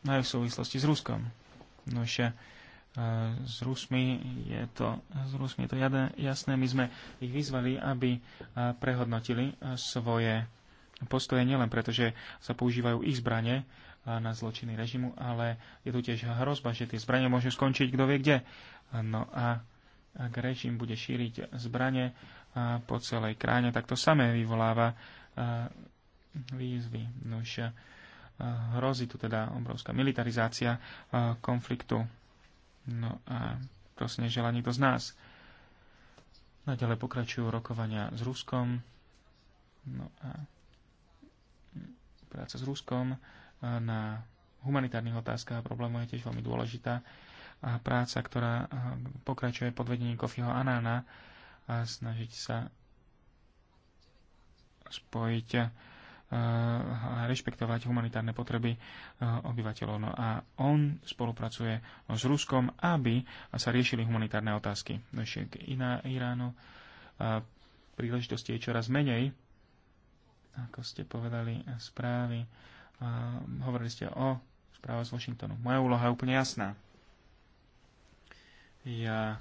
aj v súvislosti s Ruskom. No ešte s e, Rusmi je to, s Rusmi je to jasné. My sme ich vyzvali, aby e, prehodnotili e, svoje postoje nielen preto, že sa používajú ich zbranie na zločiny režimu, ale je tu tiež hrozba, že tie zbranie môžu skončiť kto vie kde. No a ak režim bude šíriť zbranie po celej kráne, tak to samé vyvoláva výzvy. Nož hrozí tu teda obrovská militarizácia konfliktu No a to si neželá nikto z nás. Naďalej pokračujú rokovania s Ruskom. No a práca s Ruskom na humanitárnych otázkach a problémov je tiež veľmi dôležitá. A práca, ktorá pokračuje pod vedením Kofiho Anána a snažiť sa spojiť a eh, rešpektovať humanitárne potreby eh, obyvateľov. No a on spolupracuje s Ruskom, aby sa riešili humanitárne otázky. No ešte k iná Iránu príležitosti je čoraz menej, ako ste povedali správy. Hovorili ste o správe z Washingtonu. Moja úloha je úplne jasná. Ja,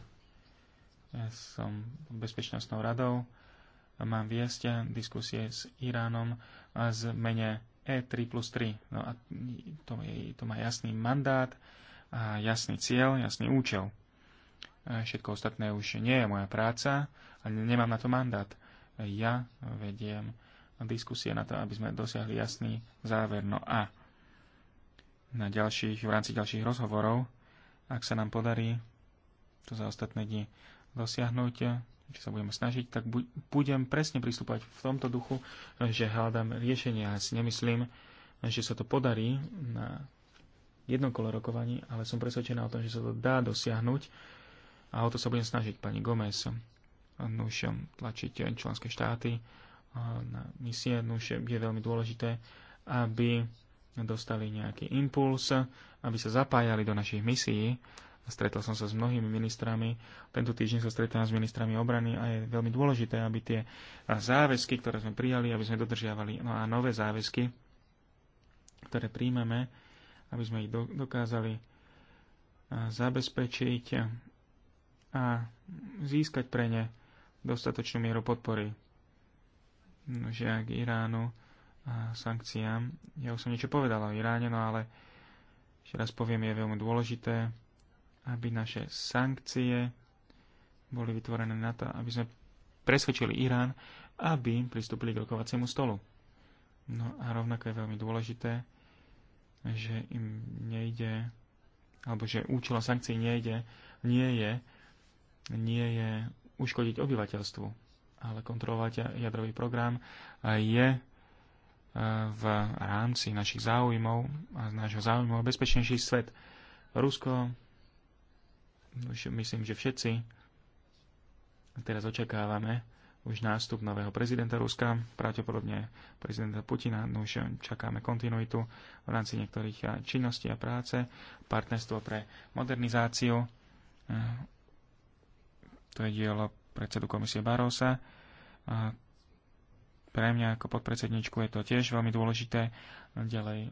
ja som bezpečnostnou radou mám viesť diskusie s Iránom a z mene E3 plus 3. No a to, je, to má jasný mandát a jasný cieľ, jasný účel. A všetko ostatné už nie je moja práca, ale nemám na to mandát. Ja vediem diskusie na to, aby sme dosiahli jasný záver. No a na ďalších, v rámci ďalších rozhovorov, ak sa nám podarí to za ostatné dni dosiahnuť, či sa budeme snažiť, tak budem presne pristúpať v tomto duchu, že hľadám riešenia. Ja si nemyslím, že sa to podarí na jedno kolo rokovaní, ale som presvedčená o tom, že sa to dá dosiahnuť a o to sa budem snažiť pani Gomez nuž tlačiť členské štáty na misie, nuž je veľmi dôležité, aby dostali nejaký impuls, aby sa zapájali do našich misií Stretol som sa s mnohými ministrami. Tento týždeň sa stretám s ministrami obrany a je veľmi dôležité, aby tie záväzky, ktoré sme prijali, aby sme dodržiavali, no a nové záväzky, ktoré príjmeme, aby sme ich dokázali zabezpečiť a získať pre ne dostatočnú mieru podpory. No, že ak Iránu a sankciám, ja už som niečo povedal o Iráne, no ale ešte raz poviem, je veľmi dôležité, aby naše sankcie boli vytvorené na to, aby sme presvedčili Irán, aby pristúpili k rokovaciemu stolu. No a rovnako je veľmi dôležité, že im nejde, alebo že účel sankcií nejde, nie je, nie je uškodiť obyvateľstvu, ale kontrolovať jadrový program je eh, v rámci našich záujmov a nášho záujmu o bezpečnejší svet. Rusko myslím, že všetci teraz očakávame už nástup nového prezidenta Ruska, pravdepodobne prezidenta Putina, no už čakáme kontinuitu v rámci niektorých eh, činností a práce, partnerstvo pre modernizáciu, eh, to je dielo predsedu komisie Barosa. Eh, pre mňa ako podpredsedničku je to tiež veľmi dôležité. Ďalej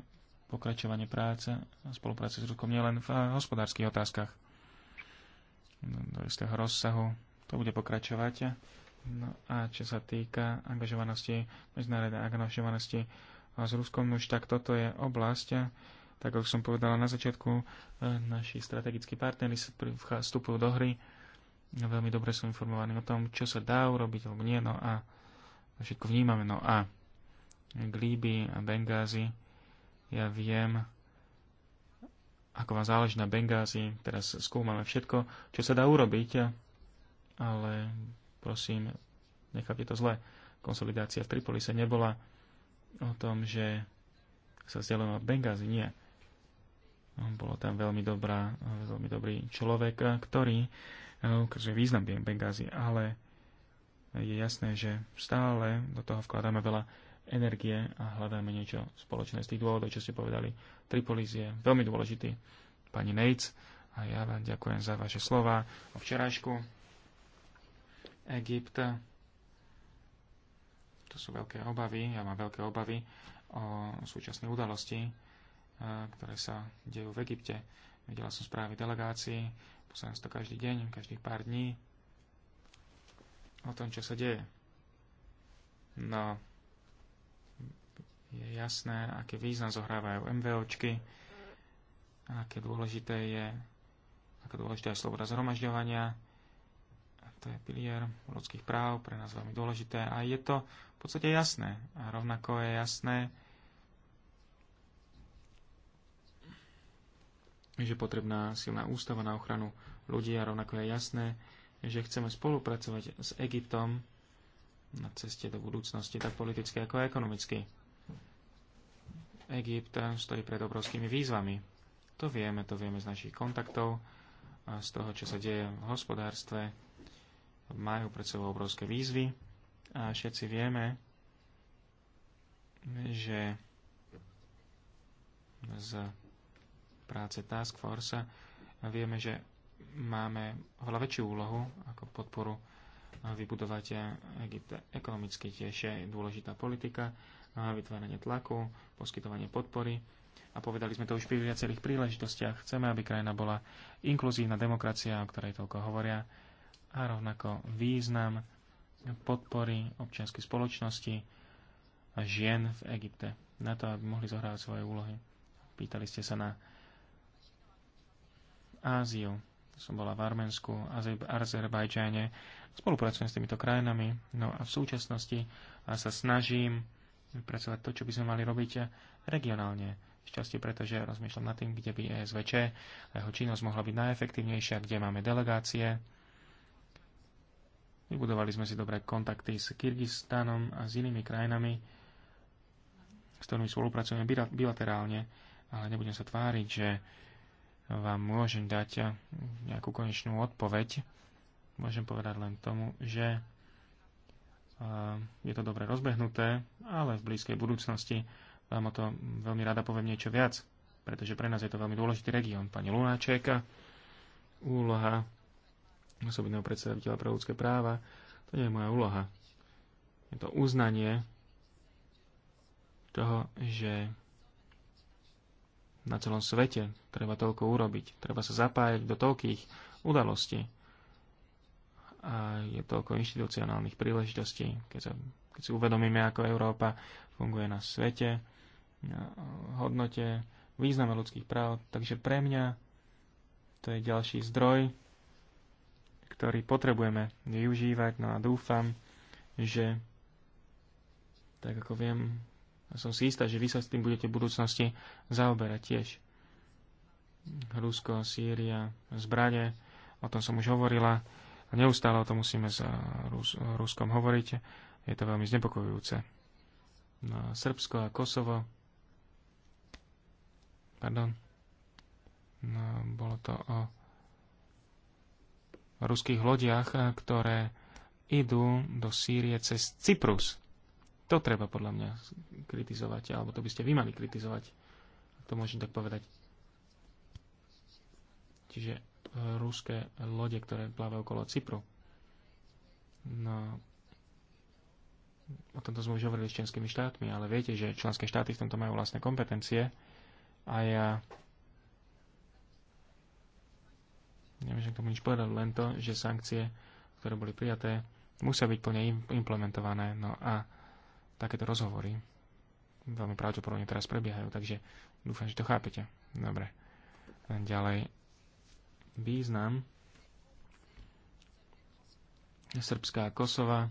pokračovanie práce a spolupráce s Ruskom nielen v hospodárskych otázkach do istého rozsahu. To bude pokračovať. No a čo sa týka angažovanosti, medzinárodnej angažovanosti s Ruskom, už tak toto je oblasť, tak ako som povedala na začiatku, e, naši strategickí partnery vstupujú do hry. Veľmi dobre sú informovaní o tom, čo sa dá urobiť alebo nie. No a všetko vnímame. No a Glíby a Bengázy, ja viem, ako vám záleží na Bengázi, teraz skúmame všetko, čo sa dá urobiť, ale prosím, nechápte to zle. Konsolidácia v Tripolise nebola o tom, že sa vzdialujeme od Bengázi, nie. Bolo tam veľmi, dobrá, veľmi dobrý človek, ktorý eh, ukazuje význam Bengázi, ale je jasné, že stále do toho vkladáme veľa energie a hľadáme niečo spoločné z tých dôvodov, čo ste povedali. Tripolis je veľmi dôležitý. Pani Nates, a ja vám ďakujem za vaše slova o včerajšku. Egypt, to sú veľké obavy, ja mám veľké obavy o súčasné udalosti, eh, ktoré sa dejú v Egypte. Videla som správy delegácií, posledná to každý deň, každých pár dní, o tom, čo sa deje. No, je jasné, aký význam zohrávajú MVOčky, aké dôležité je, aké dôležité je sloboda zhromažďovania, to je pilier ľudských práv, pre nás veľmi dôležité a je to v podstate jasné. A rovnako je jasné, že potrebná silná ústava na ochranu ľudí a rovnako je jasné, že chceme spolupracovať s Egyptom na ceste do budúcnosti, tak politicky ako aj ekonomicky. Egypt eh, stojí pred obrovskými výzvami. To vieme, to vieme z našich kontaktov a z toho, čo sa deje v hospodárstve. Majú pred sebou obrovské výzvy a všetci vieme, že z práce Task Force vieme, že máme oveľa väčšiu úlohu ako podporu vybudovať Egypte ekonomicky tiež je dôležitá politika vytváranie tlaku, poskytovanie podpory. A povedali sme to už pri viacerých príležitostiach. Chceme, aby krajina bola inkluzívna demokracia, o ktorej toľko hovoria, a rovnako význam podpory občianskej spoločnosti a žien v Egypte na to, aby mohli zohrávať svoje úlohy. Pýtali ste sa na Áziu. Som bola v Arménsku, Azerbajdžane. Spolupracujem s týmito krajinami. No a v súčasnosti sa snažím vypracovať to, čo by sme mali robiť regionálne. Šťastie, pretože rozmýšľam nad tým, kde by ESVČ a jeho činnosť mohla byť najefektívnejšia, kde máme delegácie. Vybudovali sme si dobré kontakty s Kyrgyzstanom a s inými krajinami, s ktorými spolupracujeme bilaterálne, ale nebudem sa tváriť, že vám môžem dať nejakú konečnú odpoveď. Môžem povedať len tomu, že je to dobre rozbehnuté, ale v blízkej budúcnosti vám o to veľmi rada poviem niečo viac, pretože pre nás je to veľmi dôležitý región. Pani Lunáček, úloha osobného predstaviteľa pre ľudské práva, to nie je moja úloha. Je to uznanie toho, že na celom svete treba toľko urobiť, treba sa zapájať do toľkých udalostí a je toľko inštitucionálnych príležitostí, keď, sa, keď si uvedomíme, ako Európa funguje na svete, na hodnote, význame ľudských práv. Takže pre mňa to je ďalší zdroj, ktorý potrebujeme využívať. No a dúfam, že tak ako viem, som si istá, že vy sa s tým budete v budúcnosti zaoberať tiež. Rusko, Sýria, zbranie, o tom som už hovorila a neustále o tom musíme s Rus- Ruskom hovoriť. Je to veľmi znepokojujúce. No, Srbsko a Kosovo. Pardon. No, bolo to o ruských lodiach, ktoré idú do Sýrie cez Cyprus. To treba podľa mňa kritizovať, alebo to by ste vy mali kritizovať, ak to môžem tak povedať. Čiže ruské lode, ktoré plávajú okolo Cypru. No, o tomto sme už hovorili s členskými štátmi, ale viete, že členské štáty v tomto majú vlastné kompetencie a ja že k tomu nič povedať, len to, že sankcie, ktoré boli prijaté, musia byť plne implementované. No a takéto rozhovory veľmi pravdepodobne teraz prebiehajú, takže dúfam, že to chápete. Dobre. Ďalej význam Srbská a Kosova,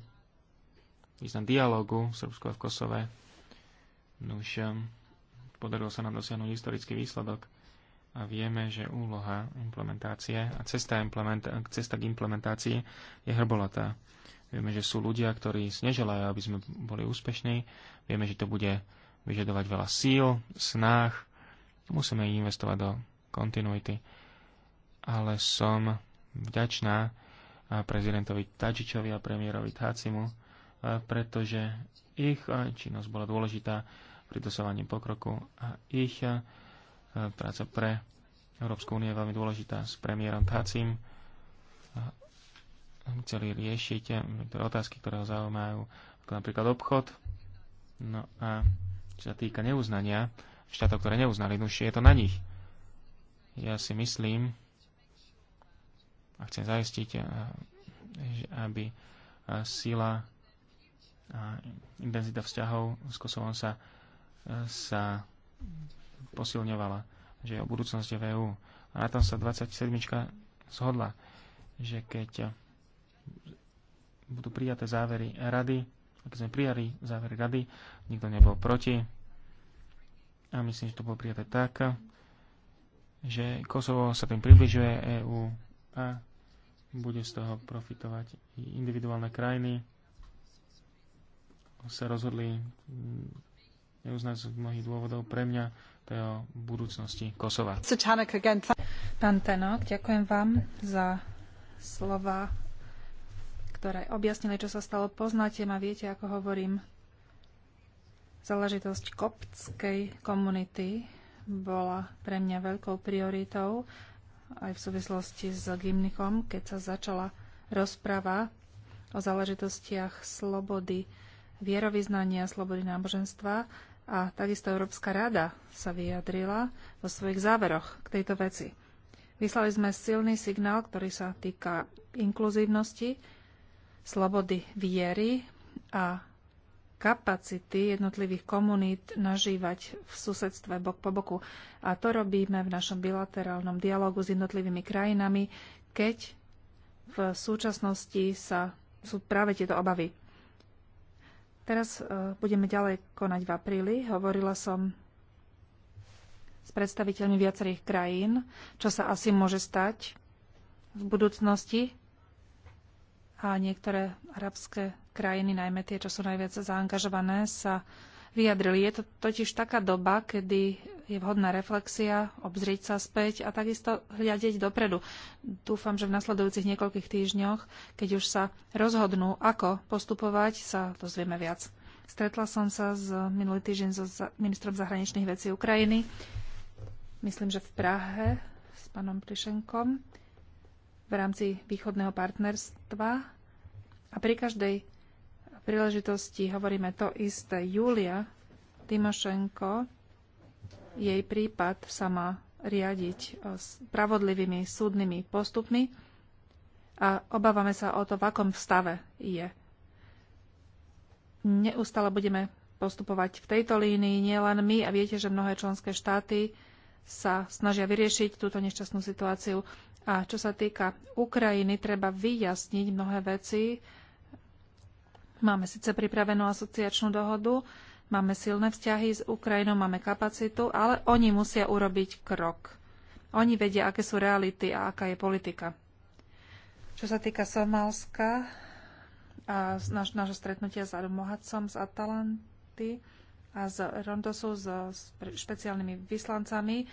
význam dialogu Srbsko a v Kosove. Nuž, um, podarilo sa nám dosiahnuť historický výsledok a vieme, že úloha implementácie a cesta, implementa- cesta k implementácii je hrbolatá. Vieme, že sú ľudia, ktorí sneželajú, aby sme boli úspešní. Vieme, že to bude vyžadovať veľa síl, snách. Musíme investovať do kontinuity ale som vďačná prezidentovi Tačičovi a premiérovi Tácimu, pretože ich činnosť bola dôležitá pri dosovaní pokroku a ich práca pre Európsku úniu je veľmi dôležitá s premiérom Tácim. Chceli riešiť niektoré otázky, ktoré ho zaujímajú, ako napríklad obchod. No a čo sa týka neuznania, štátov, ktoré neuznali, no je to na nich. Ja si myslím, a chcem zaistiť, eh, aby eh, sila a intenzita vzťahov s Kosovom sa, eh, sa posilňovala, že je o budúcnosti v EU. A na tom sa 27. zhodla, že keď budú prijaté závery rady, keď sme prijali závery rady, nikto nebol proti. A myslím, že to bolo prijaté tak, že Kosovo sa tým približuje EU. a bude z toho profitovať i individuálne krajiny. Sa rozhodli mm, neuznať z mnohých dôvodov pre mňa, to je o budúcnosti Kosova. Pán Tenok, ďakujem vám za slova, ktoré objasnili, čo sa stalo. Poznáte ma, viete, ako hovorím. Záležitosť koptskej komunity bola pre mňa veľkou prioritou aj v súvislosti s Gimnikom, keď sa začala rozprava o záležitostiach slobody vierovýznania, slobody náboženstva a takisto Európska rada sa vyjadrila vo svojich záveroch k tejto veci. Vyslali sme silný signál, ktorý sa týka inkluzívnosti, slobody viery a kapacity jednotlivých komunít nažívať v susedstve bok po boku. A to robíme v našom bilaterálnom dialogu s jednotlivými krajinami, keď v súčasnosti sa, sú práve tieto obavy. Teraz e, budeme ďalej konať v apríli. Hovorila som s predstaviteľmi viacerých krajín, čo sa asi môže stať v budúcnosti a niektoré arabské krajiny, najmä tie, čo sú najviac zaangažované, sa vyjadrili. Je to totiž taká doba, kedy je vhodná reflexia, obzrieť sa späť a takisto hľadiť dopredu. Dúfam, že v nasledujúcich niekoľkých týždňoch, keď už sa rozhodnú, ako postupovať, sa dozvieme viac. Stretla som sa s minulý týždeň so ministrom zahraničných vecí Ukrajiny, myslím, že v Prahe s pánom Prišenkom v rámci východného partnerstva a pri každej príležitosti hovoríme to isté. Julia Timošenko, jej prípad sa má riadiť e, spravodlivými súdnymi postupmi a obávame sa o to, v akom stave je. Neustále budeme postupovať v tejto línii, nielen my, a viete, že mnohé členské štáty sa snažia vyriešiť túto nešťastnú situáciu a čo sa týka Ukrajiny, treba vyjasniť mnohé veci. Máme síce pripravenú asociačnú dohodu, máme silné vzťahy s Ukrajinou, máme kapacitu, ale oni musia urobiť krok. Oni vedia, aké sú reality a aká je politika. Čo sa týka Somálska a náš, nášho stretnutia s Mohacom z Atalanty a z Rondosu s špeciálnymi vyslancami,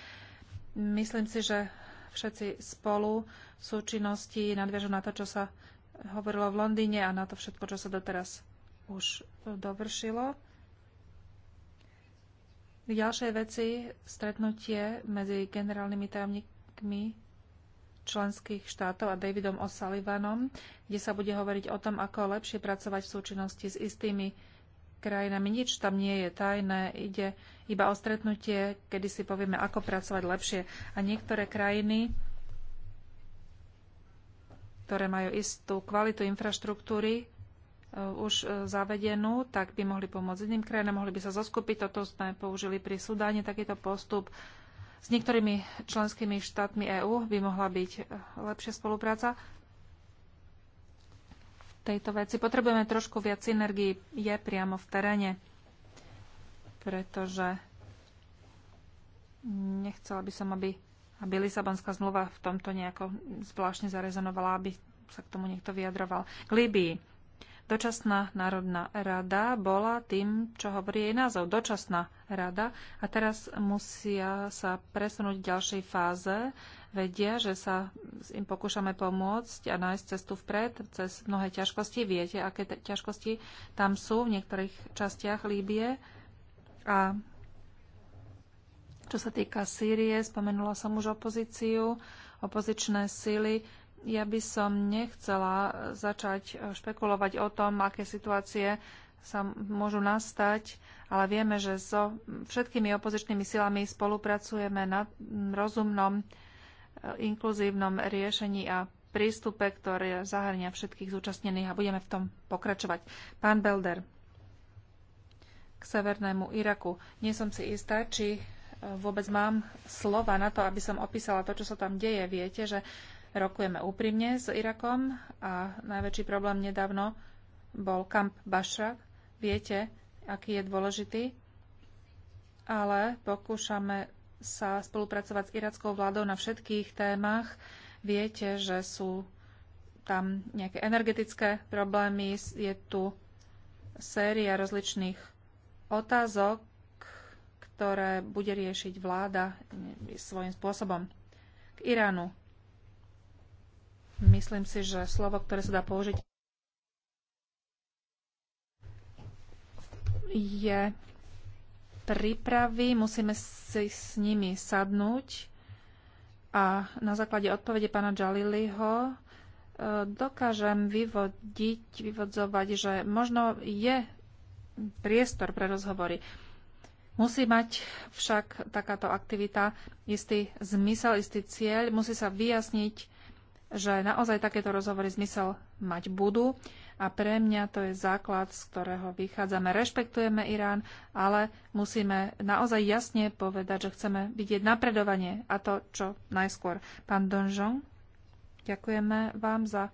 myslím si, že všetci spolu v súčinnosti nadviažu na to, čo sa hovorilo v Londýne a na to všetko, čo sa doteraz už dovršilo. K ďalšej veci stretnutie medzi generálnymi tajomníkmi členských štátov a Davidom O'Sullivanom, kde sa bude hovoriť o tom, ako lepšie pracovať v súčinnosti s istými krajinami. Nič tam nie je tajné, ide iba o stretnutie, kedy si povieme, ako pracovať lepšie. A niektoré krajiny, ktoré majú istú kvalitu infraštruktúry, e, už e, zavedenú, tak by mohli pomôcť iným krajinám, mohli by sa zoskupiť. Toto sme použili pri Sudáne, takýto postup. S niektorými členskými štátmi EÚ by mohla byť e, lepšia spolupráca tejto veci. Potrebujeme trošku viac synergii, je priamo v teréne, pretože nechcela by som, aby, aby Lisabonská zmluva v tomto nejako zvláštne zarezonovala, aby sa k tomu niekto vyjadroval. K Líbii Dočasná národná rada bola tým, čo hovorí jej názov, dočasná rada a teraz musia sa presunúť v ďalšej fáze. Vedia, že sa im pokúšame pomôcť a nájsť cestu vpred cez mnohé ťažkosti. Viete, aké ťažkosti tam sú v niektorých častiach Líbie. A čo sa týka Sýrie, spomenula som už opozíciu, opozičné síly ja by som nechcela e, začať e, špekulovať o tom, aké situácie sa môžu nastať, ale vieme, že so všetkými opozičnými silami spolupracujeme na rozumnom, e, inkluzívnom riešení a prístupe, ktoré zahrania všetkých zúčastnených a budeme v tom pokračovať. Pán Belder, k severnému Iraku. Nie som si istá, či vôbec mám slova na to, aby som opísala to, čo sa tam deje. Viete, že Rokujeme úprimne s Irakom a najväčší problém nedávno bol kamp Bašra. Viete, aký je dôležitý, ale pokúšame sa spolupracovať s irackou vládou na všetkých témach. Viete, že sú tam nejaké energetické problémy, je tu séria rozličných otázok, ktoré bude riešiť vláda svojím spôsobom. K Iránu Myslím si, že slovo, ktoré sa dá použiť, je prípravy, musíme si s nimi sadnúť a na základe odpovede pána Jaliliho e, dokážem vyvodiť, vyvodzovať, že možno je priestor pre rozhovory. Musí mať však takáto aktivita istý zmysel, istý cieľ, musí sa vyjasniť že naozaj takéto rozhovory zmysel mať budú a pre mňa to je základ, z ktorého vychádzame. Rešpektujeme Irán, ale musíme naozaj jasne povedať, že chceme vidieť napredovanie a to, čo najskôr. Pán Donžon, ďakujeme vám za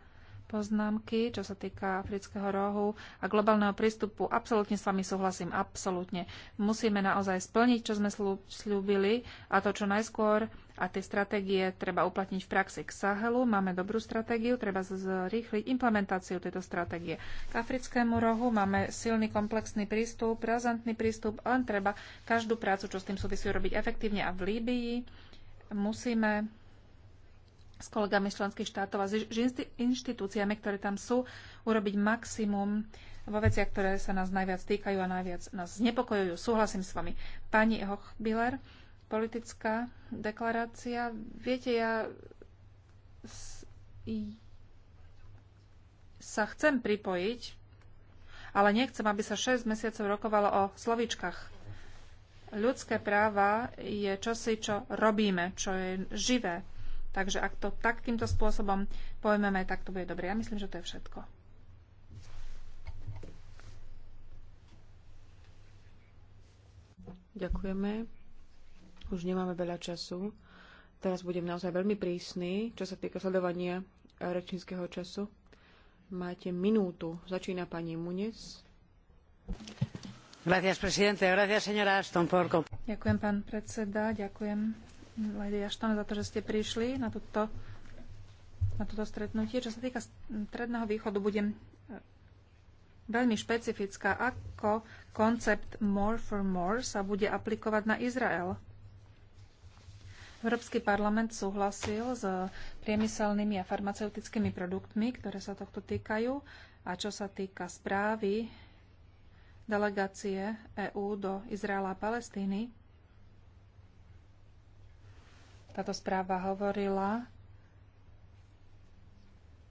poznámky, čo sa týka afrického rohu a globálneho prístupu. Absolútne s vami súhlasím, absolútne. Musíme naozaj splniť, čo sme slúbili a to čo najskôr a tie stratégie treba uplatniť v praxi k Sahelu. Máme dobrú stratégiu, treba zrýchliť implementáciu tejto stratégie. K africkému rohu máme silný komplexný prístup, razantný prístup, len treba každú prácu, čo s tým súvisí, robiť efektívne a v Líbii musíme s kolegami členských štátov a s inštitúciami, ktoré tam sú, urobiť maximum vo veciach, ktoré sa nás najviac týkajú a najviac nás znepokojujú. Súhlasím s vami. Pani Hochbiller, politická deklarácia. Viete, ja sa chcem pripojiť, ale nechcem, aby sa 6 mesiacov rokovalo o slovičkách ľudské práva je čosi, čo robíme, čo je živé. Takže ak to takýmto spôsobom pojmeme, tak to bude dobre. Ja myslím, že to je všetko. Ďakujeme. Už nemáme veľa času. Teraz budem naozaj veľmi prísny, čo sa týka sledovania rečníckého času. Máte minútu. Začína pani Munes. Gracias, presidente. Gracias, señora Aston, por... Ďakujem, pán predseda. Ďakujem Lady Ashton, za to, že ste prišli na túto na toto stretnutie. Čo sa týka Stredného východu, budem e, veľmi špecifická, ako koncept more for more sa bude aplikovať na Izrael. Európsky parlament súhlasil s priemyselnými a farmaceutickými produktmi, ktoré sa tohto týkajú. A čo sa týka správy delegácie EÚ do Izraela a Palestíny, táto správa hovorila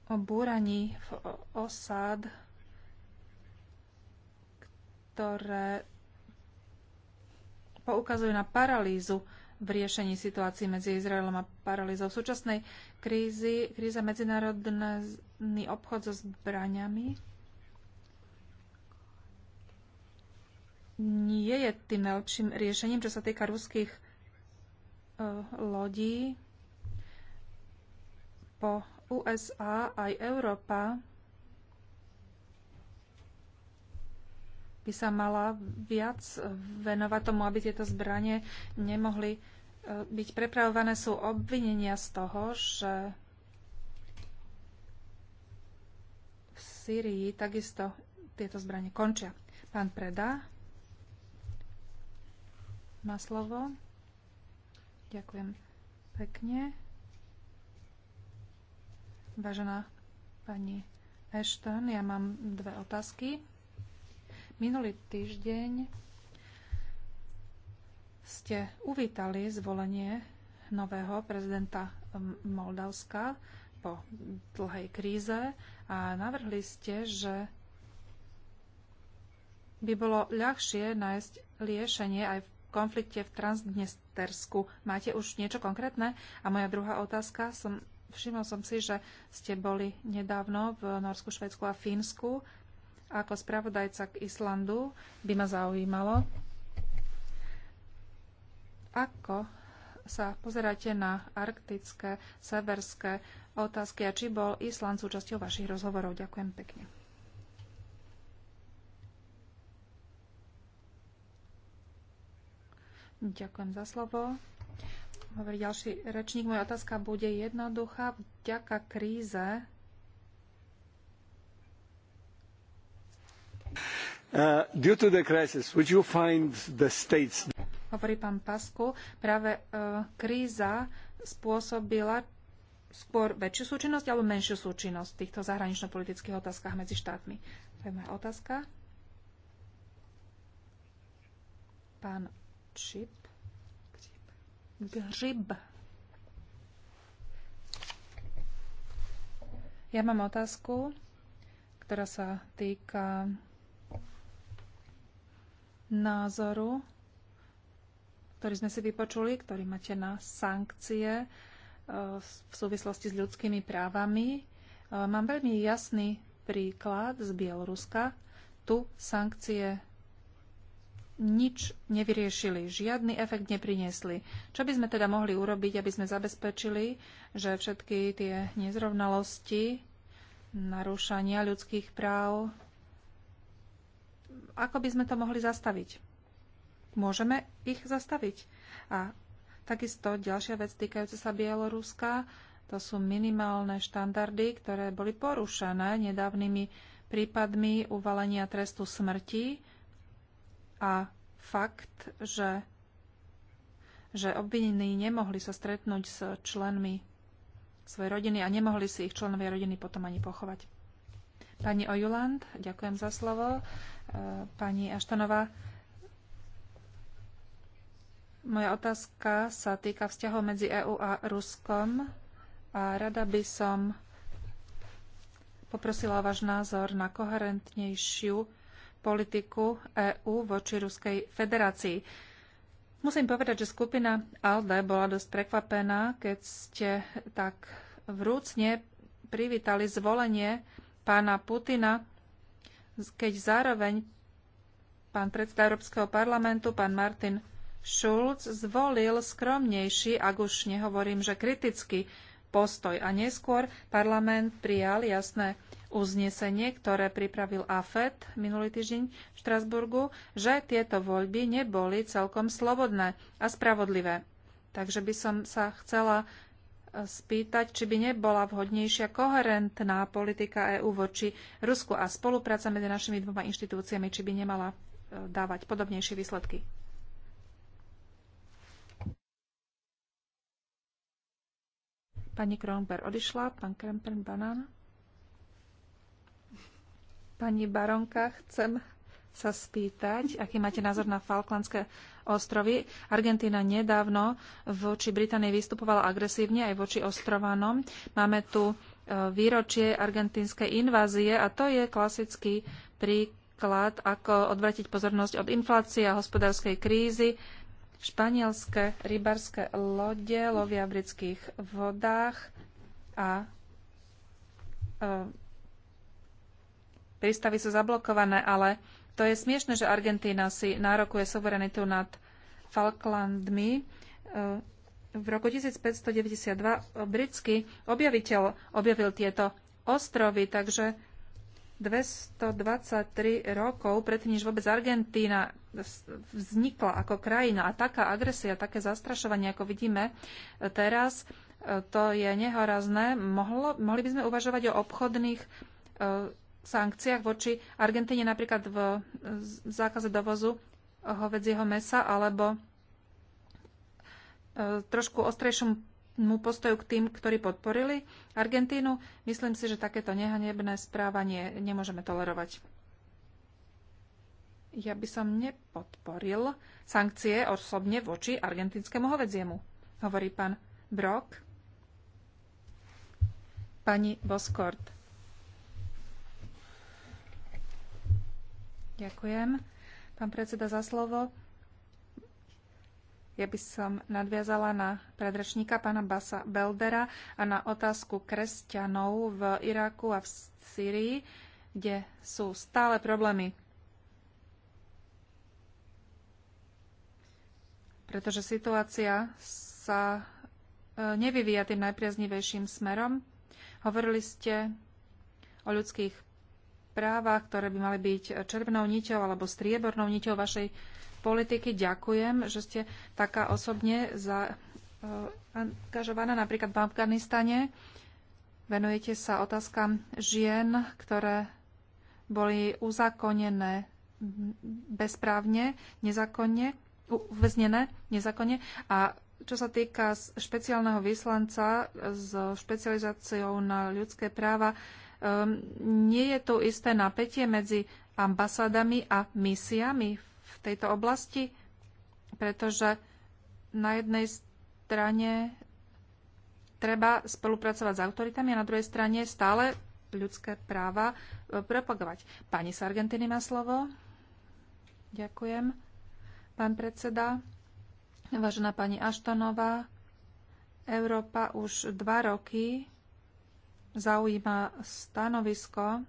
o búraní v osád, ktoré poukazujú na paralýzu v riešení situácií medzi Izraelom a paralýzou. V súčasnej krízi, kríza medzinárodný obchod so zbraniami nie je tým najlepším riešením, čo sa týka ruských lodí po USA aj Európa by sa mala viac venovať tomu, aby tieto zbranie nemohli e, byť prepravované. Sú obvinenia z toho, že v Syrii takisto tieto zbranie končia. Pán Preda má slovo. Ďakujem pekne. Vážená pani Ashton, ja mám dve otázky. Minulý týždeň ste uvítali zvolenie nového prezidenta Moldavska po dlhej kríze a navrhli ste, že by bolo ľahšie nájsť riešenie aj v konflikte v Transdnestersku. Máte už niečo konkrétne? A moja druhá otázka, som, všimol som si, že ste boli nedávno v Norsku, Švedsku a Fínsku. Ako spravodajca k Islandu by ma zaujímalo, ako sa pozeráte na arktické, severské otázky a či bol Island súčasťou vašich rozhovorov. Ďakujem pekne. Ďakujem za slovo. Hovorí ďalší rečník. Moja otázka bude jednoduchá. Vďaka kríze Uh, due to the crisis, would you find the states... Hovorí pán Pasku, práve uh, kríza spôsobila skôr väčšiu súčinnosť alebo menšiu súčinnosť v týchto zahranično-politických otázkach medzi štátmi. To je moja otázka. Pán Čip. Grib. Ja mám otázku, ktorá sa týka názoru, ktorý sme si vypočuli, ktorý máte na sankcie e, v súvislosti s ľudskými právami. E, mám veľmi jasný príklad z Bieloruska. Tu sankcie nič nevyriešili, žiadny efekt nepriniesli. Čo by sme teda mohli urobiť, aby sme zabezpečili, že všetky tie nezrovnalosti, narúšania ľudských práv, ako by sme to mohli zastaviť? Môžeme ich zastaviť. A takisto ďalšia vec týkajúca sa Bieloruska, to sú minimálne štandardy, ktoré boli porušené nedávnymi prípadmi uvalenia trestu smrti a fakt, že, že obvinení nemohli sa stretnúť s členmi svojej rodiny a nemohli si ich členovia rodiny potom ani pochovať. Pani Ojuland, ďakujem za slovo. E, pani Aštanová, moja otázka sa týka vzťahov medzi EÚ a Ruskom a rada by som poprosila o váš názor na koherentnejšiu politiku EÚ voči Ruskej federácii. Musím povedať, že skupina ALDE bola dosť prekvapená, keď ste tak vrúcne privítali zvolenie pána Putina, keď zároveň pán predseda Európskeho parlamentu, pán Martin Schulz, zvolil skromnejší, ak už nehovorím, že kritický postoj. A neskôr parlament prijal jasné uznesenie, ktoré pripravil AFET minulý týždeň v Štrasburgu, že tieto voľby neboli celkom slobodné a spravodlivé. Takže by som sa chcela e, spýtať, či by nebola vhodnejšia koherentná politika EÚ voči Rusku a spolupráca medzi našimi dvoma inštitúciami, či by nemala e, dávať podobnejšie výsledky. Pani Kronberg odišla, pán Krempen Banán. Pani Baronka, chcem sa spýtať, aký máte názor na Falklandské ostrovy. Argentína nedávno voči Británii vystupovala agresívne aj voči ostrovanom. Máme tu e, výročie argentínskej invázie a to je klasický príklad, ako odvratiť pozornosť od inflácie a hospodárskej krízy. Španielské rybarské lode lovia v britských vodách a e, prístavy sú zablokované, ale to je smiešne, že Argentína si nárokuje suverenitu nad Falklandmi. E, v roku 1592 britský objaviteľ objavil tieto ostrovy, takže 223 rokov predtým, než vôbec Argentína vznikla ako krajina a taká agresia, také zastrašovanie, ako vidíme e, teraz, e, to je nehorazné. Mohlo, mohli by sme uvažovať o obchodných sankciách voči Argentíne, napríklad v zákaze dovozu hovedzieho mesa alebo e, trošku ostrejšomu postoju k tým, ktorí podporili Argentínu. Myslím si, že takéto nehanebné správanie nemôžeme tolerovať. Ja by som nepodporil sankcie osobne voči argentínskemu hovedziemu, hovorí pán Brock. Pani Boskort. Ďakujem. Pán predseda, za slovo. Ja by som nadviazala na predrečníka pána Basa Beldera a na otázku kresťanov v Iraku a v Syrii, kde sú stále problémy. Pretože situácia sa e, nevyvíja tým najpriaznivejším smerom. Hovorili ste o ľudských práva, ktoré by mali byť červenou niťou alebo striebornou niťou vašej politiky. Ďakujem, že ste taká osobne zaangažovaná eh, napríklad v Afganistane. Venujete sa otázkam žien, ktoré boli uzakonené bezprávne, nezákonne, uväznené nezákonne. A čo sa týka špeciálneho vyslanca s špecializáciou na ľudské práva, Ehm, nie je tu isté napätie medzi ambasádami a misiami v tejto oblasti, pretože na jednej strane treba spolupracovať s autoritami a na druhej strane stále ľudské práva e, propagovať. Pani Sargentini má slovo. Ďakujem. Pán predseda, vážená pani Aštonová, Európa už dva roky zaujíma stanovisko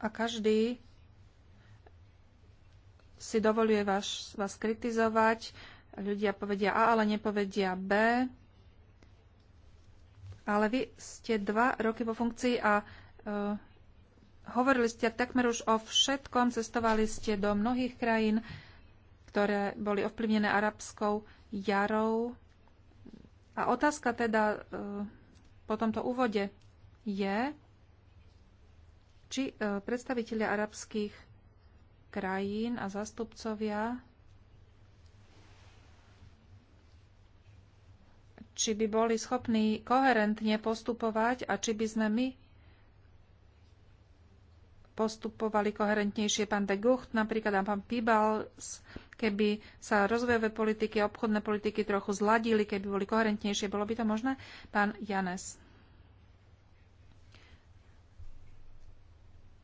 a každý si dovoluje vás, vás kritizovať. Ľudia povedia A, ale nepovedia B. Ale vy ste dva roky vo funkcii a e, hovorili ste takmer už o všetkom. Cestovali ste do mnohých krajín, ktoré boli ovplyvnené arabskou jarou. A otázka teda e, po tomto úvode je, či e, predstavitelia arabských krajín a zastupcovia či by boli schopní koherentne postupovať a či by sme my postupovali koherentnejšie. Pán de Gucht napríklad a pán Pibals keby sa rozvojové politiky a obchodné politiky trochu zladili, keby boli koherentnejšie, bolo by to možné? Pán Janes.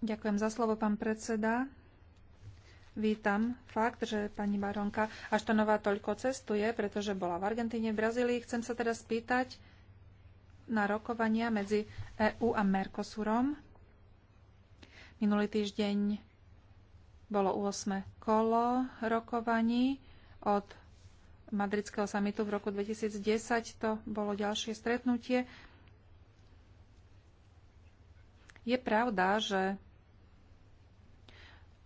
Ďakujem za slovo, pán predseda. Vítam fakt, že pani baronka Aštanová toľko cestuje, pretože bola v Argentíne, v Brazílii. Chcem sa teda spýtať na rokovania medzi EÚ a Mercosurom. Minulý týždeň bolo 8. kolo rokovaní od Madridského samitu v roku 2010. To bolo ďalšie stretnutie. Je pravda, že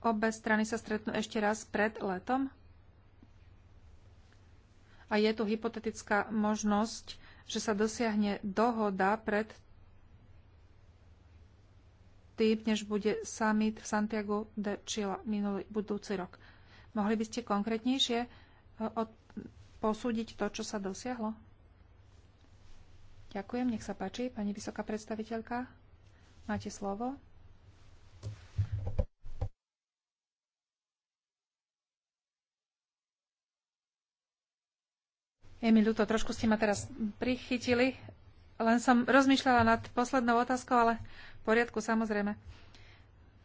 obe strany sa stretnú ešte raz pred letom? A je tu hypotetická možnosť, že sa dosiahne dohoda pred typ, než bude summit v Santiago de Chile minulý budúci rok. Mohli by ste konkrétnejšie e, posúdiť to, čo sa dosiahlo? Ďakujem, nech sa páči, pani vysoká predstaviteľka. Máte slovo. Je mi ľúto, trošku ste ma teraz prichytili len som rozmýšľala nad poslednou otázkou, ale v poriadku, samozrejme.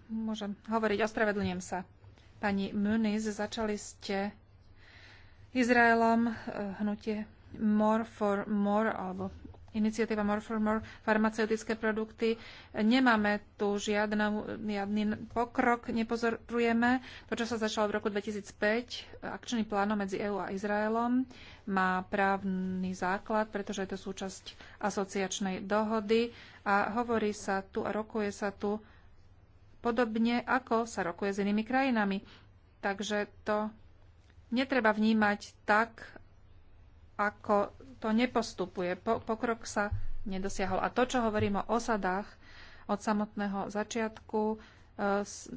Môžem hovoriť, ospravedlňujem sa. Pani Muniz, začali ste Izraelom eh, hnutie More for More, alebo iniciatíva More for More, farmaceutické produkty. Nemáme tu žiadna, žiadny pokrok, nepozorujeme. To, čo sa začalo v roku 2005, akčný plán medzi EÚ a Izraelom, má právny základ, pretože je to súčasť asociačnej dohody a hovorí sa tu a rokuje sa tu podobne, ako sa rokuje s inými krajinami. Takže to netreba vnímať tak, ako to nepostupuje. Po, pokrok sa nedosiahol. A to, čo hovorím o osadách od samotného začiatku, e,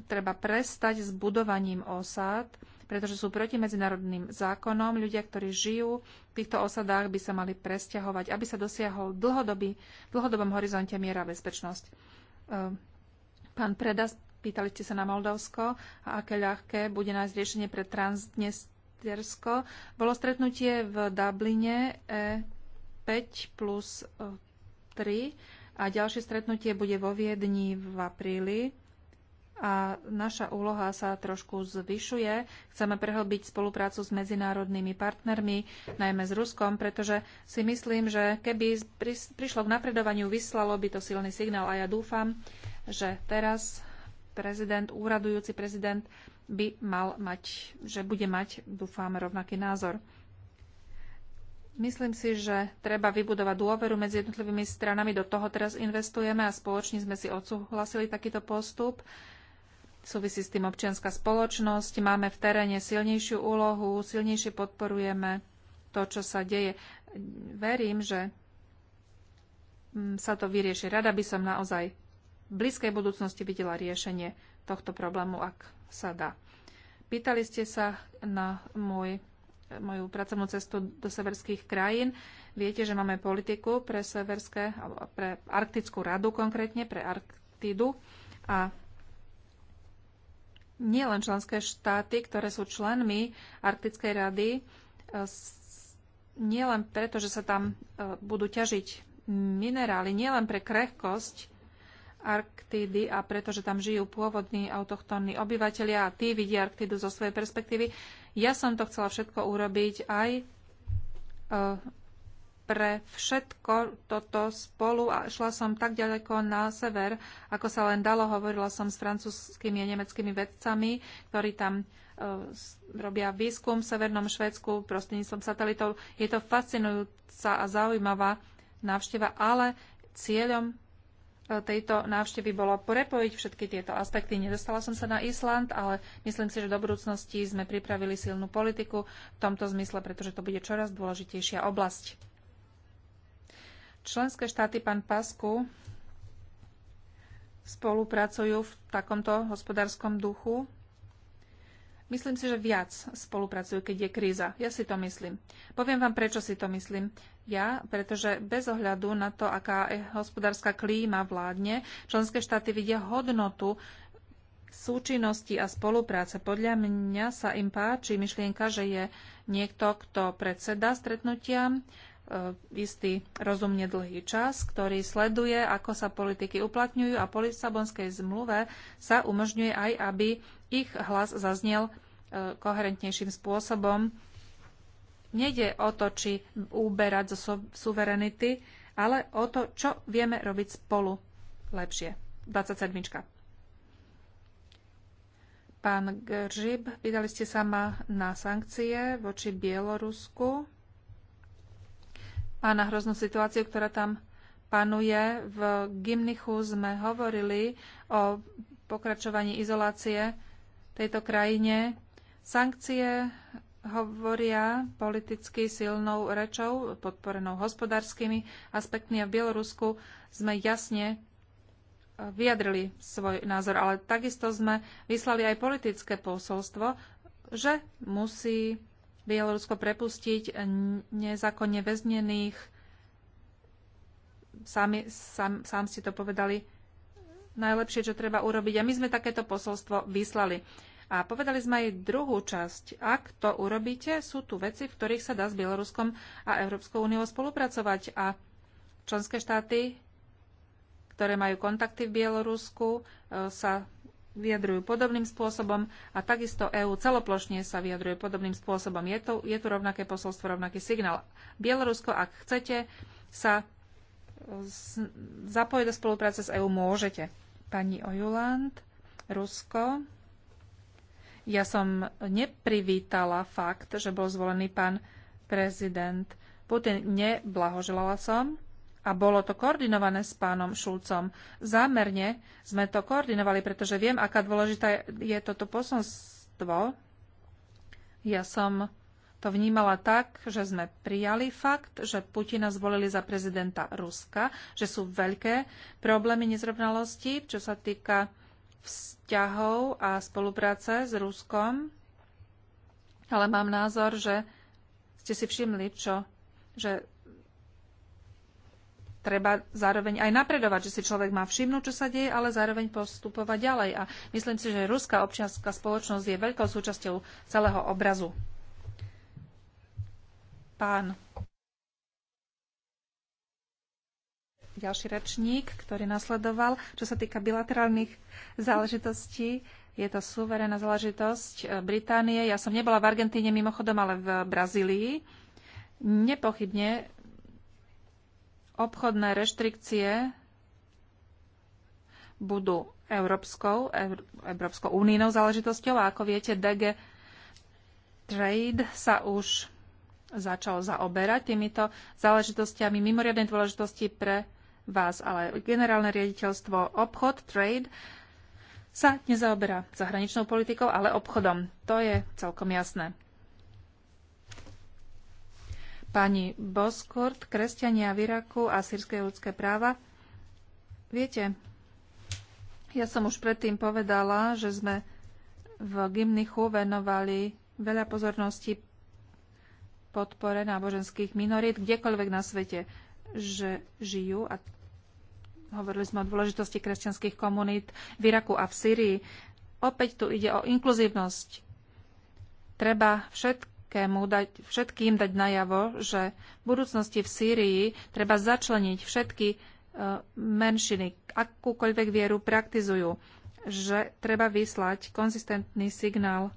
treba prestať s budovaním osad, pretože sú proti medzinárodným zákonom. Ľudia, ktorí žijú v týchto osadách, by sa mali presťahovať, aby sa dosiahol dlhodobý, v dlhodobom horizonte miera bezpečnosť. E, pán Preda, pýtali ste sa na Moldavsko a aké ľahké bude nájsť riešenie pre transdnest Maďarsko. Bolo stretnutie v Dubline E5 plus 3 e, a ďalšie stretnutie bude vo Viedni v apríli a naša úloha sa trošku zvyšuje. Chceme prehlbiť spoluprácu s medzinárodnými partnermi, najmä s Ruskom, pretože si myslím, že keby prišlo k napredovaniu, vyslalo by to silný signál a ja dúfam, že teraz prezident, úradujúci prezident by mal mať, že bude mať, dúfam, rovnaký názor. Myslím si, že treba vybudovať dôveru medzi jednotlivými stranami. Do toho teraz investujeme a spoločne sme si odsúhlasili takýto postup. Súvisí s tým občianská spoločnosť. Máme v teréne silnejšiu úlohu, silnejšie podporujeme to, čo sa deje. Verím, že mm, sa to vyrieši. Rada by som naozaj v blízkej budúcnosti videla riešenie tohto problému, ak sa dá. Pýtali ste sa na môj, moju pracovnú cestu do severských krajín. Viete, že máme politiku pre severské, pre Arktickú radu konkrétne, pre Arktidu. A nielen členské štáty, ktoré sú členmi Arktickej rady, e, nielen preto, že sa tam e, budú ťažiť minerály, nielen pre krehkosť Arktídy a pretože tam žijú pôvodní autochtónni obyvateľia a tí vidia Arktídu zo svojej perspektívy. Ja som to chcela všetko urobiť aj e, pre všetko toto spolu a šla som tak ďaleko na sever, ako sa len dalo. Hovorila som s francúzskými a nemeckými vedcami, ktorí tam e, robia výskum v severnom Švedsku prostredníctvom satelitov. Je to fascinujúca a zaujímavá návšteva, ale cieľom tejto návštevy bolo prepojiť všetky tieto aspekty. Nedostala som sa na Island, ale myslím si, že do budúcnosti sme pripravili silnú politiku v tomto zmysle, pretože to bude čoraz dôležitejšia oblasť. Členské štáty pán Pasku spolupracujú v takomto hospodárskom duchu. Myslím si, že viac spolupracujú, keď je kríza. Ja si to myslím. Poviem vám, prečo si to myslím ja, pretože bez ohľadu na to, aká hospodárska klíma vládne, členské štáty vidia hodnotu súčinnosti a spolupráce. Podľa mňa sa im páči myšlienka, že je niekto, kto predseda stretnutiam, e, istý rozumne dlhý čas, ktorý sleduje, ako sa politiky uplatňujú a po Lisabonskej zmluve sa umožňuje aj, aby ich hlas zaznel e, koherentnejším spôsobom Nejde o to, či úberať zo suverenity, ale o to, čo vieme robiť spolu lepšie. 27. Pán Gržib, pýtali ste sa ma na sankcie voči Bielorusku a na hroznú situáciu, ktorá tam panuje. V Gimnichu sme hovorili o pokračovaní izolácie tejto krajine. Sankcie hovoria politicky silnou rečou, podporenou hospodárskymi aspektmi a v Bielorusku sme jasne e, vyjadrili svoj názor, ale takisto sme vyslali aj politické posolstvo, že musí Bielorusko prepustiť nezákonne väznených, sami, sám, sám ste to povedali, najlepšie, čo treba urobiť. A my sme takéto posolstvo vyslali. A povedali sme aj druhú časť. Ak to urobíte, sú tu veci, v ktorých sa dá s Bieloruskom a Európskou úniou spolupracovať. A členské štáty, ktoré majú kontakty v Bielorusku, e, sa vyjadrujú podobným spôsobom a takisto EÚ celoplošne sa vyjadruje podobným spôsobom. Je tu, je tu rovnaké posolstvo, rovnaký signál. Bielorusko, ak chcete sa e, zapojiť do spolupráce s EÚ, môžete. Pani Ojuland, Rusko. Ja som neprivítala fakt, že bol zvolený pán prezident Putin. Neblahoželala som a bolo to koordinované s pánom Šulcom. Zámerne sme to koordinovali, pretože viem, aká dôležitá je toto posolstvo. Ja som to vnímala tak, že sme prijali fakt, že Putina zvolili za prezidenta Ruska, že sú veľké problémy nezrovnalosti, čo sa týka vzťahov a spolupráce s Ruskom, ale mám názor, že ste si všimli, čo, že treba zároveň aj napredovať, že si človek má všimnúť, čo sa deje, ale zároveň postupovať ďalej. A myslím si, že ruská občianská spoločnosť je veľkou súčasťou celého obrazu. Pán ďalší rečník, ktorý nasledoval. Čo sa týka bilaterálnych záležitostí, je to suverénna záležitosť e, Británie. Ja som nebola v Argentíne mimochodom, ale v Brazílii. Nepochybne obchodné reštrikcie budú európskou, európskou unijnou záležitosťou a ako viete, DG Trade sa už začal zaoberať týmito záležitostiami mimoriadnej dôležitosti pre vás, ale generálne riaditeľstvo obchod, trade, sa nezaoberá zahraničnou politikou, ale obchodom. To je celkom jasné. Pani Boskurt, kresťania v Iraku a sírske ľudské práva. Viete, ja som už predtým povedala, že sme v Gimnichu venovali veľa pozornosti podpore náboženských minorít kdekoľvek na svete, že žijú a Hovorili sme o dôležitosti kresťanských komunít v Iraku a v Syrii. Opäť tu ide o inkluzívnosť. Treba všetkému dať, všetkým dať najavo, že v budúcnosti v Sýrii treba začleniť všetky e, menšiny, akúkoľvek vieru praktizujú, že treba vyslať konzistentný signál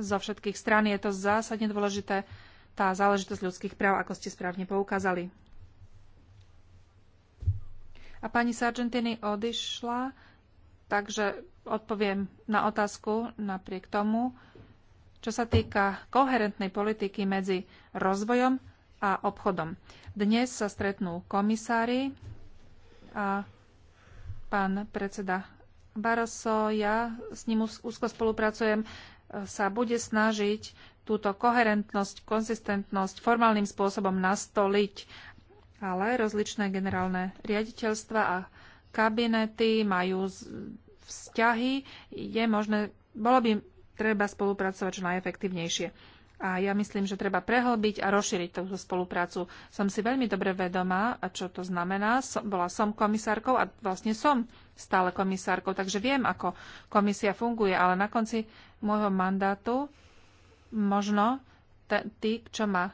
zo všetkých strán. Je to zásadne dôležité, tá záležitosť ľudských práv, ako ste správne poukázali. A pani Sargentini odišla, takže odpoviem na otázku napriek tomu, čo sa týka koherentnej politiky medzi rozvojom a obchodom. Dnes sa stretnú komisári a pán predseda Barroso, ja s ním úzko spolupracujem, e, sa bude snažiť túto koherentnosť, konzistentnosť formálnym spôsobom nastoliť ale rozličné generálne riaditeľstva a kabinety majú vzťahy. Je možné, bolo by treba spolupracovať čo najefektívnejšie. A ja myslím, že treba prehlbiť a rozšíriť túto spoluprácu. Som si veľmi dobre vedomá, čo to znamená. Som, bola som komisárkou a vlastne som stále komisárkou, takže viem, ako komisia funguje, ale na konci môjho mandátu možno tí, čo ma